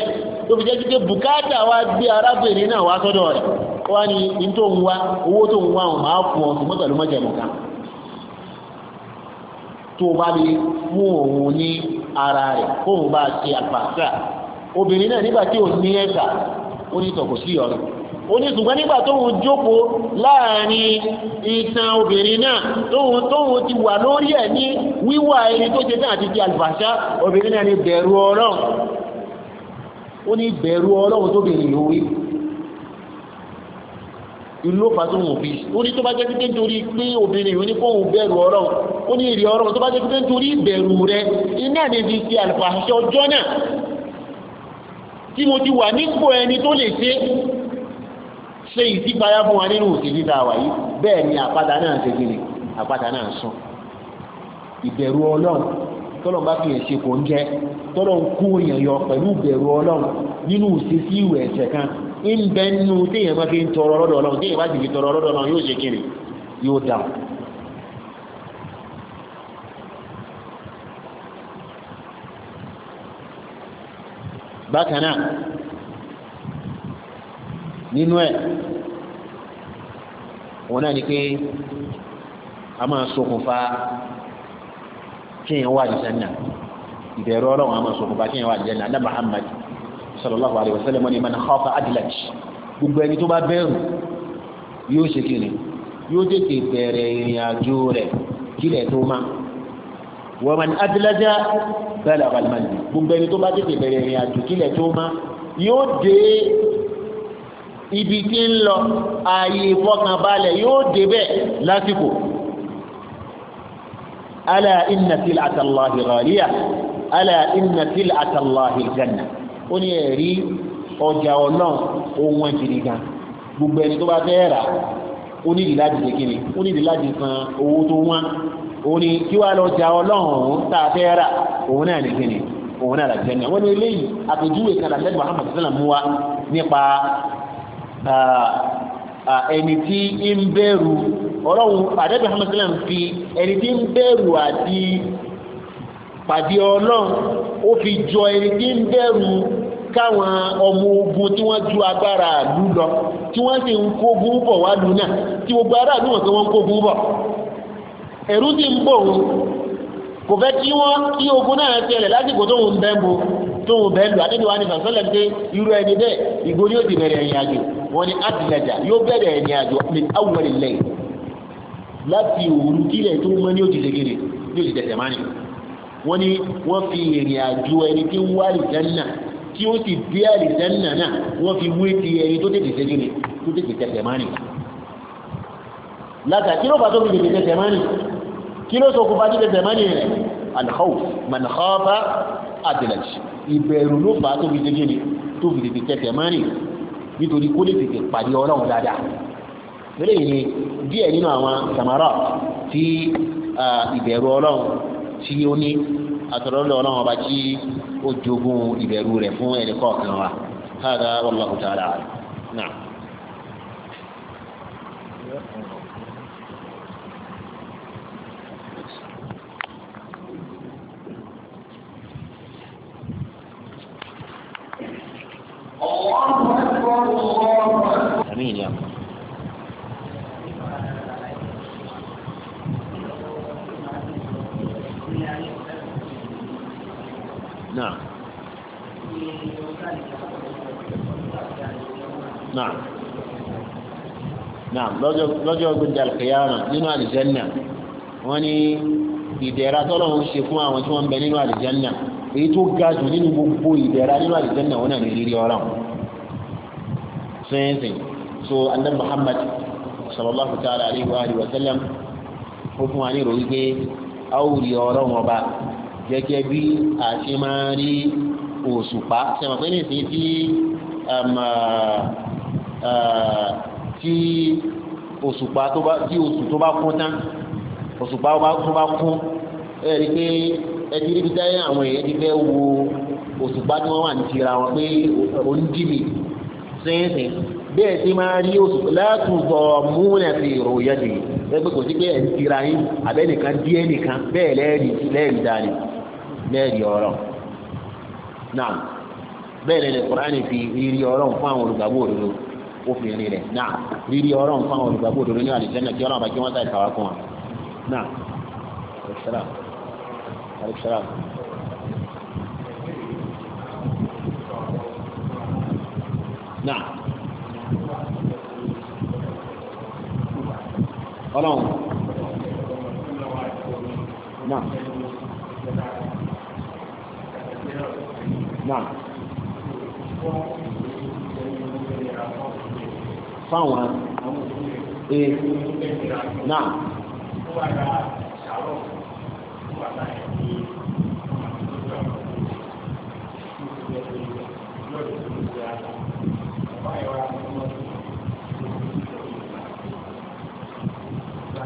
tó fi jẹ́ sí pé bùkátà wá gbé arábìnrin náà wá sọ́dọ̀ rẹ̀ ó wá ní in tó ń wá owó tó ń wá òun máa fún ara rẹ̀ kóun bá ṣe àlùfàṣà obìnrin náà nígbà tí ò ní ẹ̀ka ó ní tọ̀kọ̀ sí oníṣùgbọ́n nígbà tóhun jókòó láàrin ìtàn obìnrin náà tóhun tóhun ti wà lórí ẹ̀ ní wíwà ẹni tó ṣe náà ti di àlùfàṣá obìnrin náà ni bẹ̀rù ọlọ́run ó ní bẹ̀rù ọlọ́run tó bèèrè lórí ìlú ó fàtún wò bí ó ní tó bá jẹ́ pípé nítorí pé obìnrin yìí ó ní kóhun bẹ̀rù ọlọ́run ó ní ìrì ọlọ́run tó bá jẹ́ pípé nítorí ìbẹ̀rù rẹ iná ní ti ṣe àlùfàṣá ọjọ́ náà tí mo ti wà nípò ẹni tó lè ṣe ṣe ìsípayá fún wa nínú òṣèlú tá a wà yìí bẹ́ẹ̀ ni àpáta náà ṣe gbìn àpáta náà sùn ìbẹ̀rù ọlọ́run tọ́lọ̀ bá fi ẹ̀ṣẹ̀ kò ń jẹ́ tọ́lọ̀ ń kó èèyàn yọ pẹ̀lú ìbẹ̀rù ọlọ́run nínú òṣèṣì ìwẹ̀ ẹ̀ṣẹ̀ kan ń bẹ nínú téèyàn máa fi ń tọrọ lọ́dọ̀ ọlọ́run téèyàn bá sì fi tọrọ lọ́dọ̀ ọlọ́run yóò ṣe kiri yóò dáhùn bákan náà nínú ẹ̀ òun náà ni pé a máa ṣokùnfà kéèyàn wà àlùjánnà ìbẹ̀rù ọlọ́run a máa ṣokùnfà kéèyàn wà àlùjánnà adá Muhammad sallallahu alayhi wa sallam ni man khafa adlaj gbogbo ẹni tó bá bẹ̀rù yóò ṣe kiri yóò tètè bẹ̀rẹ̀ ìrìn àjò rẹ̀ kílẹ̀ tó máa wa man adlaja balagha al-manzil gbogbo ẹni tó bá tètè bẹ̀rẹ̀ ìrìn àjò kílẹ̀ tó máa yóò dé ibi tí ń lọ ààyè ìfọkànbalẹ̀ yóò débẹ̀ lásìkò ala inna sil'ata Allahi ghaliya ala inna sil'ata Allahi al-janna ó ní ẹ̀rí ọjà ọlọ́run ohun ẹ̀jìrì gan gbogbo ẹni tó bá fẹ́ rà ó nídìí láti ṣe kíni ó nídìí láti san owó tó wọ́n ó ní kí wàá lọ ja ọlọ́run tá a fẹ́ rà òun náà ní kíni òun náà làjẹ́ náà wọ́n ní eléyìí àpèjúwe kan làjẹ́ Muhammad sallam mú wa nípa Ah, ah, ẹni tí ń bẹ̀rù ọlọ́run àdẹ́bí hamadulam fi ẹni tí ń bẹ̀rù àti pàdé ọlọ́run fi jọ ẹni tí ń bẹ̀rù káwọn ọmọ ogun tí wọ́n ju agbára lọ tí wọ́n sì ń bọ̀ wá lù náà tí gbogbo kí wọ́n kógun bọ̀ ẹ̀rú ń kò fẹ́ kí wọ́n ogun náà lásìkò tóun bẹ́ẹ̀ lù àdébíwá ni sàṣọlẹ̀ ń pé irú ẹni bẹ́ẹ̀ ìgbó ni ó ti bẹ̀rẹ̀ ẹ̀yìn àjò wọn ni adìlẹ̀jà yóò bẹ̀rẹ̀ ẹ̀yìn àjò ní awọ́lẹ̀ lẹ́yìn láti òru kílẹ̀ tó mọ́ ni ó ti ṣègèrè ni ó ti tẹ̀tẹ̀ mánì wọn ni wọ́n fi ìrìn àjò ẹni tí ń wá àlìjánná tí ó sì dé àlìjánná náà wọ́n fi wé ti ẹni tó tètè ṣègèrè tó tètè tẹ̀tẹ̀ mánì látà kí ló fà tó fi tètè tẹ̀tẹ̀ mánì kí ló sọ kó fà tó tẹ̀tẹ̀ mánì rẹ̀ alkhawf man khafa adìlẹ̀j ìbẹ̀rù ló fà á tó fi dégé ni tó fi tètè tẹ̀tẹ̀ mọ́rin nítorí kó lè tètè pàdé ọlọ́run dáadáa lẹ́yìn ni díẹ̀ nínú àwọn samara tí ìbẹ̀rù ọlọ́run tí ó ní àtọ̀rọ̀lẹ̀ ọlọ́run ọba tí ó jogún ìbẹ̀rù rẹ̀ fún ẹnì kọ̀ọ̀kan wa hada wallahu ta'ala na'am lọ́jọ́ gbẹ̀dẹ̀ alkiyama nínú àlìjẹ́nà wọ́n ní ìdẹ̀ra tọ́lọ́run ṣe fún àwọn tí wọ́n ń bẹ nínú àlìjẹ́nà èyí tó ga jù nínú gbogbo ìdẹ̀ra nínú àlìjẹ́nà wọn náà ní rírí ọ̀ràn sẹ́yìnsìn so andan muhammad sallallahu ta'ala alayhi wa alihi wa sallam ó fún wa ní ìròyìn pé a ó rí ọ̀rọ̀ wọn bá gẹ́gẹ́ bí a máa rí òṣùpá sẹ́wọ̀n pé ní ìsìn tí um, uh, uh, òṣùpá tó bá tí oṣù tó bá kún tán òṣùpá tó bá kún ẹ rí i pé ẹtí ríbi táyé àwọn èèyàn ti fẹ́ wo òṣùpá tí wọ́n wà ní tira wọn pé òǹdìmì sínsìn bẹ́ẹ̀ tí máa rí òṣùpá látùtọ̀ múnà sí ìròyìn ẹ̀dì lẹ́gbẹ̀ẹ́ kò sí pé ẹ̀ ń tira yín àbẹ́nìkan díẹ̀ nìkan bẹ́ẹ̀ lẹ́ẹ̀rì lẹ́ẹ̀rì dání lẹ́ẹ̀rì ọ̀rọ̀ náà bẹ́ẹ̀ lẹ́ẹ̀rì kùránì fi rírí òfin rẹ̀ náà rírí ọ̀rọ̀ nǹkan olùgbàgbọ́ òdodo ní àlìjẹ́nà kí ọlọ́run bá kí wọ́n sáì kàwá fún wa náà alẹ́kṣẹ́rà alẹ́kṣẹ́rà. náà ọlọ́run náà náà fáwọn ee náà.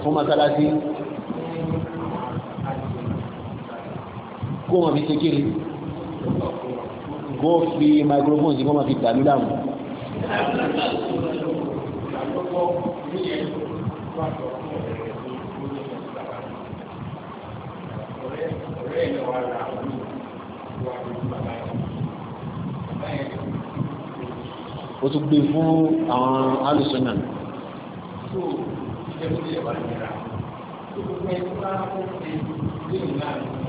fún masalasi kó wọn fi ṣe kiri kó fi microphone sí kó wọn fi dàlú dàmú ó tún gbé fún àwọn alùsùnà. tó ìjẹ́bùdí ẹ̀wà nìyẹn rà. tó gbogbo ẹni tó bá ń pè é lónìí náà.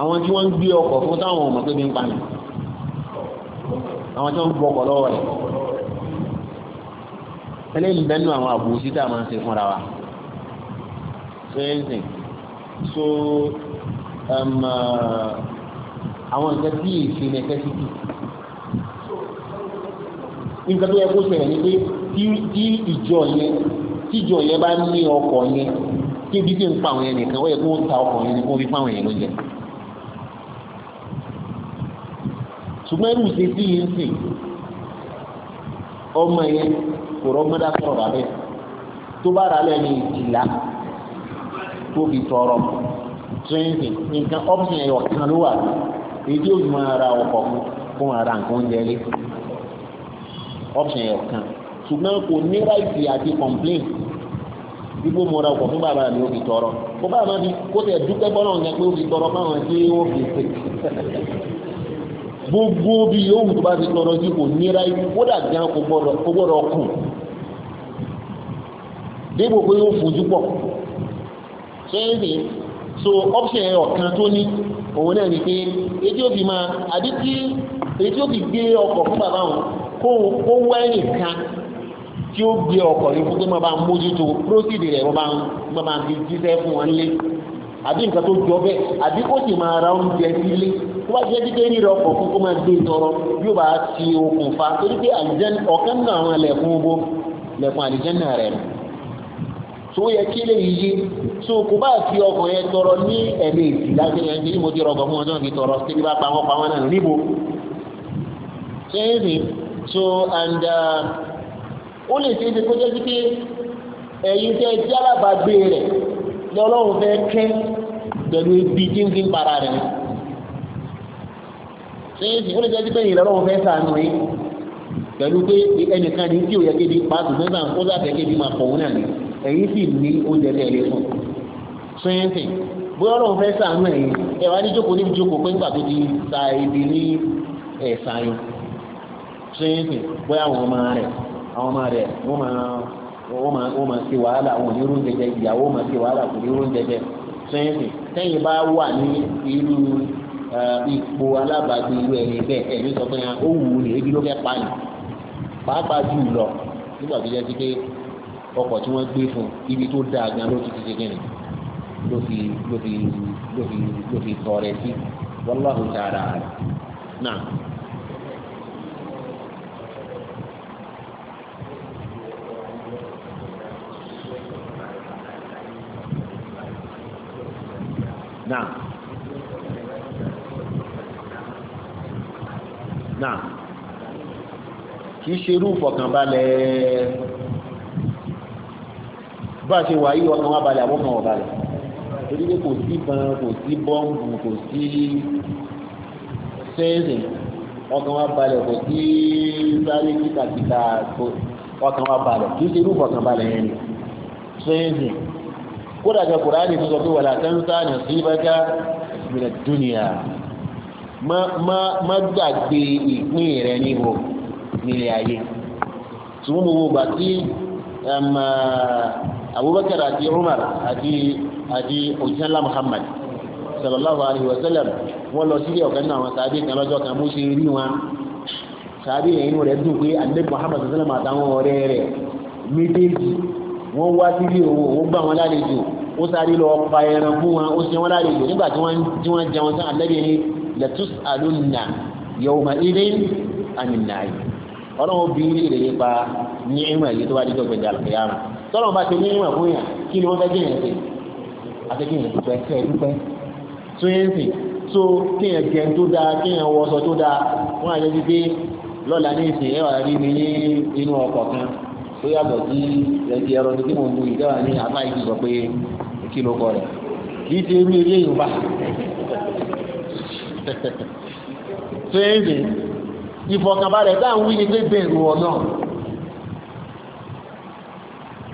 àwọn tí wọ́n ń gbé ọkọ̀ fún táwọn ọmọ tó bí ń pani àwọn tí wọ́n ń gbọ́kọ̀ lọ́wọ́ rẹ̀ eléyìí bẹ́ẹ̀ nù àwọn àbò síta máa ń ṣe fúnra wa fẹ́ẹ́sìn so um, uh, àwọn nǹkan tí èsì nẹ́kẹ́sìtì nǹkan tó yẹ kó ṣẹlẹ̀ ni pé tí ìjọ yẹn tíjọ yẹn bá ní ọkọ̀ yẹn kébí tí ń pa àwọn yẹn nìkan ó yẹ kó ń ta ọkọ̀ yẹn ni kó fi pa àwọn yẹn lóúnjẹ. ṣùgbọ́n irú ṣe sí yìí ń sìn ọmọ yẹn kò rọ́gbọ́dá sọ̀rọ̀ bàbẹ́ tó bá rà lẹ́nu ìjìlá tó fi tọrọ tírẹ́ǹsì nǹkan ọ́pṣìn ẹ̀yọ̀ kan ló wà èyí tí ó fi máa ra ọkọ̀ fún máa ra nǹkan oúnjẹ lé ọ́pṣìn ẹ̀yọ̀ kan ṣùgbọ́n kò ní ráìtì àti kọ̀m̀plẹ́ǹ ibo mo ra ọkọ̀ fún bàbá mi ó fi tọrọ kó bàbá mi kó tẹ̀ dúpẹ́ bọ́lọ̀ ń pé ó fi tọrọ fáwọn tí ó fi pè gbogbo bí yòówù tó bá ti tọrọ sí kò nira yìí kódà gan kò gbọ́dọ̀ kù débò pé yóò fojú pọ̀ ṣẹ́yìn so option ọ̀kan tó ní òun náà ni pé etí ó fi máa àbí kí etí ó fi gbé ọkọ̀ fún bàbá wọn kó wá ẹnìkan tí ó gbé ọkọ̀ yìí fún pé mo bá ń mójútó prósìdì rẹ̀ mo bá ń fi jíṣẹ́ fún wọn lé àbí nǹkan tó jọ bẹ́ẹ̀ àbí kó sì máa ra oúnjẹ sílé tó bá jẹ́ dídé rírọ ọkọ̀ fún kó máa gbé tọrọ yóò bá ti okùnfà torí pé àlìjẹ́n ọ̀kan náà àwọn ẹlẹ́kùn owó lẹ́kùn àlìjẹ́n náà rẹ̀ tó yẹ kí lè yí tó kò bá fi ọkọ̀ yẹn tọrọ ní ẹ̀mí ìdílá tó yẹ kí mo ti rọgọ̀ fún ọjọ́ fi tọrọ sí bá pamọ́ pamọ́ náà níbo ṣé é sì ó lè ṣe é lọ́lọ́run fẹ́ kẹ́ pẹ̀lú ibi tí ń fi ń para rẹ̀ ṣé èsì ó lè jẹ́ pé ìlọ́lọ́run fẹ́ sànù yìí pẹ̀lú pé ẹnìkan ní tí ò yẹ kébi pàtó mẹ́ta ó sàfẹ́ kébi máa pọ̀ náà ni ẹ̀yìn sì ní oúnjẹ tẹ̀lé fún ṣéǹsì bóyá ọlọ́run fẹ́ sànù ẹ̀yìn ẹ̀ wá ní jókòó níbi jókòó pé nígbà tó ti ta ibi ní ẹ̀sán yìí ṣéǹsì bóyá àwọn ọmọ rẹ̀ àwọn ọmọ rẹ̀ wọ́n máa wọ́n máa wọ́n máa ṣe wàhálà wọn ní irun jẹjẹ ìyàwó máa ṣe wàhálà kò ní irun jẹjẹ sẹ́yìn sẹ́yìn bá wà ní irú ipò alábàágbé irú ẹni bẹ́ẹ̀ ẹ̀mí sọ fún yà ó wù ú ní ebi ló fẹ́ pa yìí pàápàá jù lọ nígbà tó jẹ́ pé ọkọ̀ tí wọ́n gbé fún ibi tó dáa gan ló ti ti ṣe kẹ́ni ló fi ló fi ló fi ló fi tọrẹ sí wọ́n lọ́hùn tààrà rẹ̀ náà. náà náà kì í ṣe irú ìfọ̀kànbalẹ̀ bá a ṣe wà yí ọkàn wa balẹ̀ àwọn ọkàn wa balẹ̀ torí pé kò sí ban kò sí bọ́ǹbù kò sí sẹ́ẹ̀sì ọkàn wa balẹ̀ kò sí sáré kíkàkíkà ọkàn wa balẹ̀ kì í ṣe irú ìfọ̀kànbalẹ̀ yẹn ni sẹ́ẹ̀sì kódà jẹ kùránì tó sọ pé wà látẹ́ńsá ní síbájá ìrìnà dúnìyà má gbàgbé ìpín rẹ níbo nílé ayé ṣùgbọ́n gbogbo gbà tí um, uh, abubakar àti umar àti àti òjìṣẹ́lá muhammad sallallahu alaihi wa sallam wọ́n lọ sílé ọ̀kan náà wọn sàbí kan lọ́jọ́ kan bó ṣe rí wọn sàbí ẹ̀yìn rẹ̀ dùn pé àdébù muhammad sallallahu alaihi wa sallam àtàwọn ọ̀rẹ́ rẹ̀ méjèèjì wọ́n wá sílé owó ó gbà wọn lálejò ó sáré lọ pa ẹran fún wọn ó ṣe wọn lálejò nígbà tí wọ́n jẹun tán àlẹ́bí ni latus alunna yawma ilé àmìnàyè ọlọ́run bí ilé rẹ̀ nípa ní ìmọ̀ èyí tó bá dídọ̀ gbẹ̀dẹ̀ àlùkìyàmù tọ́lọ́run bá ti ní ìmọ̀ fún yàn kí ni wọ́n fẹ́ jẹ́ yẹn sí àti kí yẹn dúpẹ́ kẹ́ ẹ dúpẹ́ tó yẹn sì tó kí yẹn jẹun tó dáa kí yẹn wọṣọ tó dáa wọ́n àyẹ̀wò pé lọ́la ní ìsìn tó yàtọ̀ sí ẹ̀jẹ̀ ẹ̀rọ ní kí mo mú ìjọba ní afá yìí sọ pé kí ló kọ rẹ̀ kì í ṣe eré eré yorùbá tó yẹ ní ìfọ̀kànbalẹ̀ tá à ń wí ni pé bẹ̀rù ọ̀nà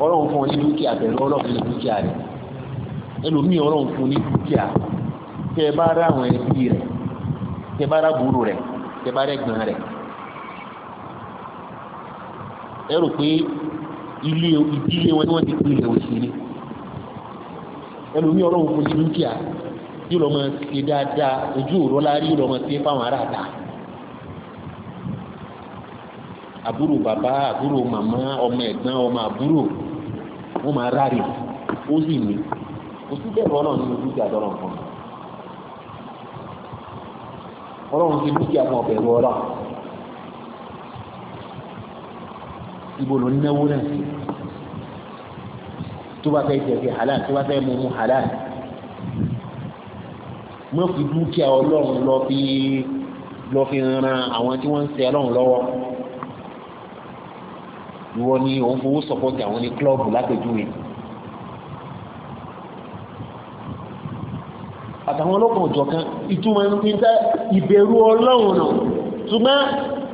ọlọ́run fún ọ ní dúkìá bẹ̀rù ọlọ́run ní dúkìá rẹ̀ ẹlòmíì ọlọ́run fún ní dúkìá tẹ bá rà àwọn ẹbí rẹ̀ tẹ bá rà búrò rẹ̀ tẹ bá rẹ̀ gbọ̀n rẹ̀ ẹ rò pé ilé ìdílé wọn ni wọ́n ti pín ilẹ̀ òṣèré ẹlòmí ọlọ́run fún dúkìá yóò lọ́mọ ṣe dáadáa ojú òró lárí yóò lọ́mọ ṣe fáwọn ará àdá àbúrò bàbá àbúrò màmá ọmọ ẹ̀gbọ́n ọmọ àbúrò wọ́n máa ráre ó sì ní kò sí bẹ́ẹ̀ lọ́nà nínú dúkìá lọ́rọ̀ kan ọlọ́run ṣe dúkìá fún ọ̀bẹ̀rù ọlọ́run. ibo ló ń náwó náà sí tó bá fẹ́ jẹ jẹ halal tó bá fẹ́ mu mu halal mo fi dúkìá ọlọ́run lọ fi lọ fi ran àwọn tí wọ́n ń ṣe ọlọ́run lọ́wọ́ ìwọ ni òun fowó sọpọ́tì àwọn ní klọ́ọ̀bù lápẹ̀júwe àtàwọn ọlọ́kàn ọ̀jọ̀kan ìtumọ̀ ẹni ń tẹ́ ìbẹ̀rù ọlọ́run náà ṣùgbọ́n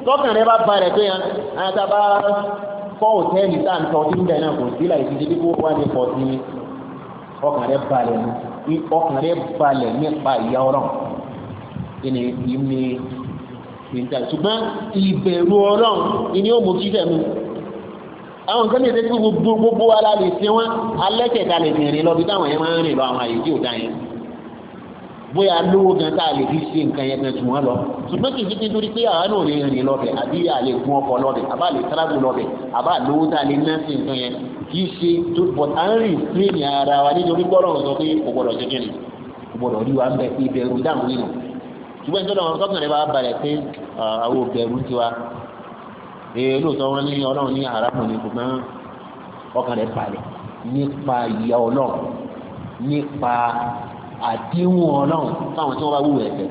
tọ́kàn rẹ bá ba pé yẹn ah, àtàbà kọ́ òtẹ́ẹ̀lì tá à ń tọ́ tí ń bẹ̀ náà kò sí láì fi ṣe dípò wá ní pọ̀ sí ọkàn rẹ̀ balẹ̀ ní ọkàn rẹ̀ balẹ̀ nípa ìyá ọlọ́run ìní ìní ìta ṣùgbọ́n ìbẹ̀rù ọlọ́run ìní ó mú kíkẹ́ mu àwọn nǹkan lè ṣe gbogbo gbogbo wa la lè ṣe wọn alẹ́kẹ̀ẹ́ta lè rìn lọ bí táwọn yẹn máa ń rìn lọ àwọn àyè tí ò dá yẹn bóyá lówó gan tá a lè fi ṣe nǹkan yẹn gan jù wọ́n lọ ṣùgbọ́n kì í ṣe pé torí pé àwa náà lè rìn lọ́bẹ̀ àbí a lè gun ọkọ̀ lọ́bẹ̀ àbá lè travel lọ́bẹ̀ àbá lówó tá a lè ná sí nǹkan yẹn kì í ṣe tó bọ̀ à ń rìn sí ní ara wa nítorí gbọ́dọ̀ sọ pé kò gbọ́dọ̀ ṣe kíni kò gbọ́dọ̀ rí wa ń bẹ ìbẹ̀rù dáhùn nínú ṣùgbọ́n ìtọ́jú àwọn tọ́kàn rẹ̀ bá balẹ̀ pé àwọn òbẹ̀rù tiwa ee lóòótọ́ wọn ní ọlọ́run ní àràmù ní ṣùgbọ́n ọkàn rẹ̀ balẹ̀ nípa àdéhùn ọlọ́run fáwọn tí wọ́n bá wù ẹ̀sẹ̀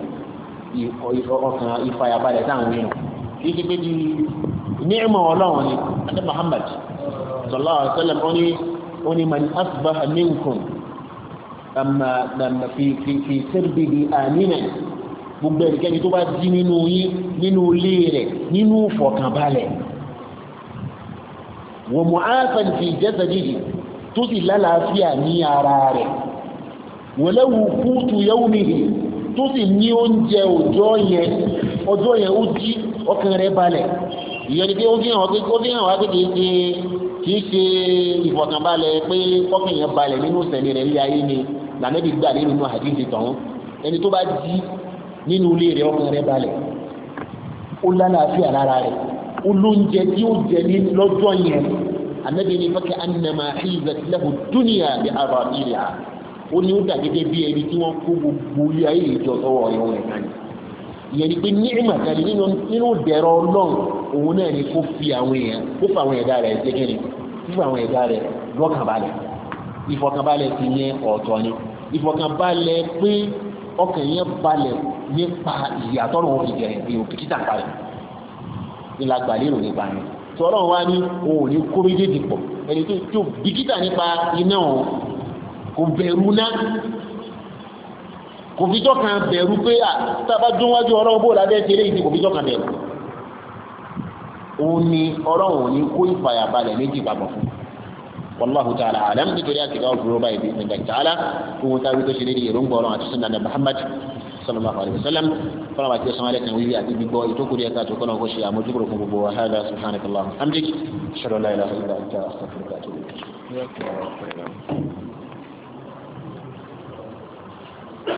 ọkàn ìfàyàbalẹ̀ táwọn wíwọ̀n kì í ṣe pé bí ní ìmọ̀ ọlọ́run ni adé Muhammad sallallahu alaihi wasallam oní oní man asbaha minkum amma amma fi fi fi sirbihi amina gbogbo ẹnikẹ́ni tó bá jí nínú yín nínú ilé rẹ̀ nínú fọkànbalẹ̀ wọ́n mọ̀ áfẹ́ fi jasadihi tó sì lálàáfíà ní ara rẹ̀ wẹ̀lẹ́wù kúùtù yawmihi tó sì ní oúnjẹ yẹn ó jí ọkàn rẹ̀ balẹ̀ ìyẹn ni pé ó fi hàn fi hàn wá pé kìí ṣe ìfọ̀kànbalẹ̀ pé kọ́kàn yẹn balẹ̀ nínú ìṣẹ̀lẹ̀ rẹ̀ ilé ayé ni lànàbí gbà nínú ẹni tó bá jí nínú ilé rẹ̀ ọkàn rẹ̀ balẹ̀ ó lálàáfíà lára rẹ̀ ó lóúnjẹ tí ó jẹ ní lọ́jọ́ yẹn annama hizat lahu bi ó ní ó dà gẹ́gẹ́ bí ẹni tí wọ́n kó gbogbo ilé ayé ìjọ sọ́wọ́ ọ̀yọ́ rẹ̀ náà ìyẹn ni pé ní ìmọ̀tàlẹ́ nínú ìdẹ̀rọ ọlọ́run òun náà ni kó fi àwọn èèyàn kó fa àwọn ẹ̀dá rẹ̀ ṣẹ́gẹ́ ni kó fa àwọn ẹ̀dá rẹ̀ lọ́kànbalẹ̀ ìfọkànbalẹ̀ ti yẹn ọ̀tọ̀ ni ìfọkànbalẹ̀ pé ọkàn yẹn balẹ̀ nípa ìyàtọ̀ lòun fi jẹ̀rẹ̀ bí òkìtìtà parẹ̀ ìlàgbà lérò nípa yẹn tọ́lọ́run wá ní òun ò ní kó méjèèjì pọ̀ ẹni kò bẹ̀rù náà kò fi jọ́ kan bẹ̀rù pé à tábà dúnwájú ọlọ́run bó lábẹ́ ṣeré ìdí kò fi jọ́ kan bẹ̀rù òun ni ọlọ́run ní kó ìfàyàbalẹ̀ méjì papọ̀ fún wallahu ta'ala alam nítorí àti ká òfurufú báyìí bí ìpínlẹ̀ ta'ala owó táwí tó ṣe lérí èròǹgbà ọlọ́run àti sunna muhammad sallallahu alaihi wasallam fọlá àti ọsàn alẹ́ kan wíwí àti gbígbọ́ ìtókùrí ẹ̀ka tó kọ́nà kó ṣe àmójúkúrò fún gbogbo wàhálà subhanakallah hamdik ṣọlọ́lá ilaha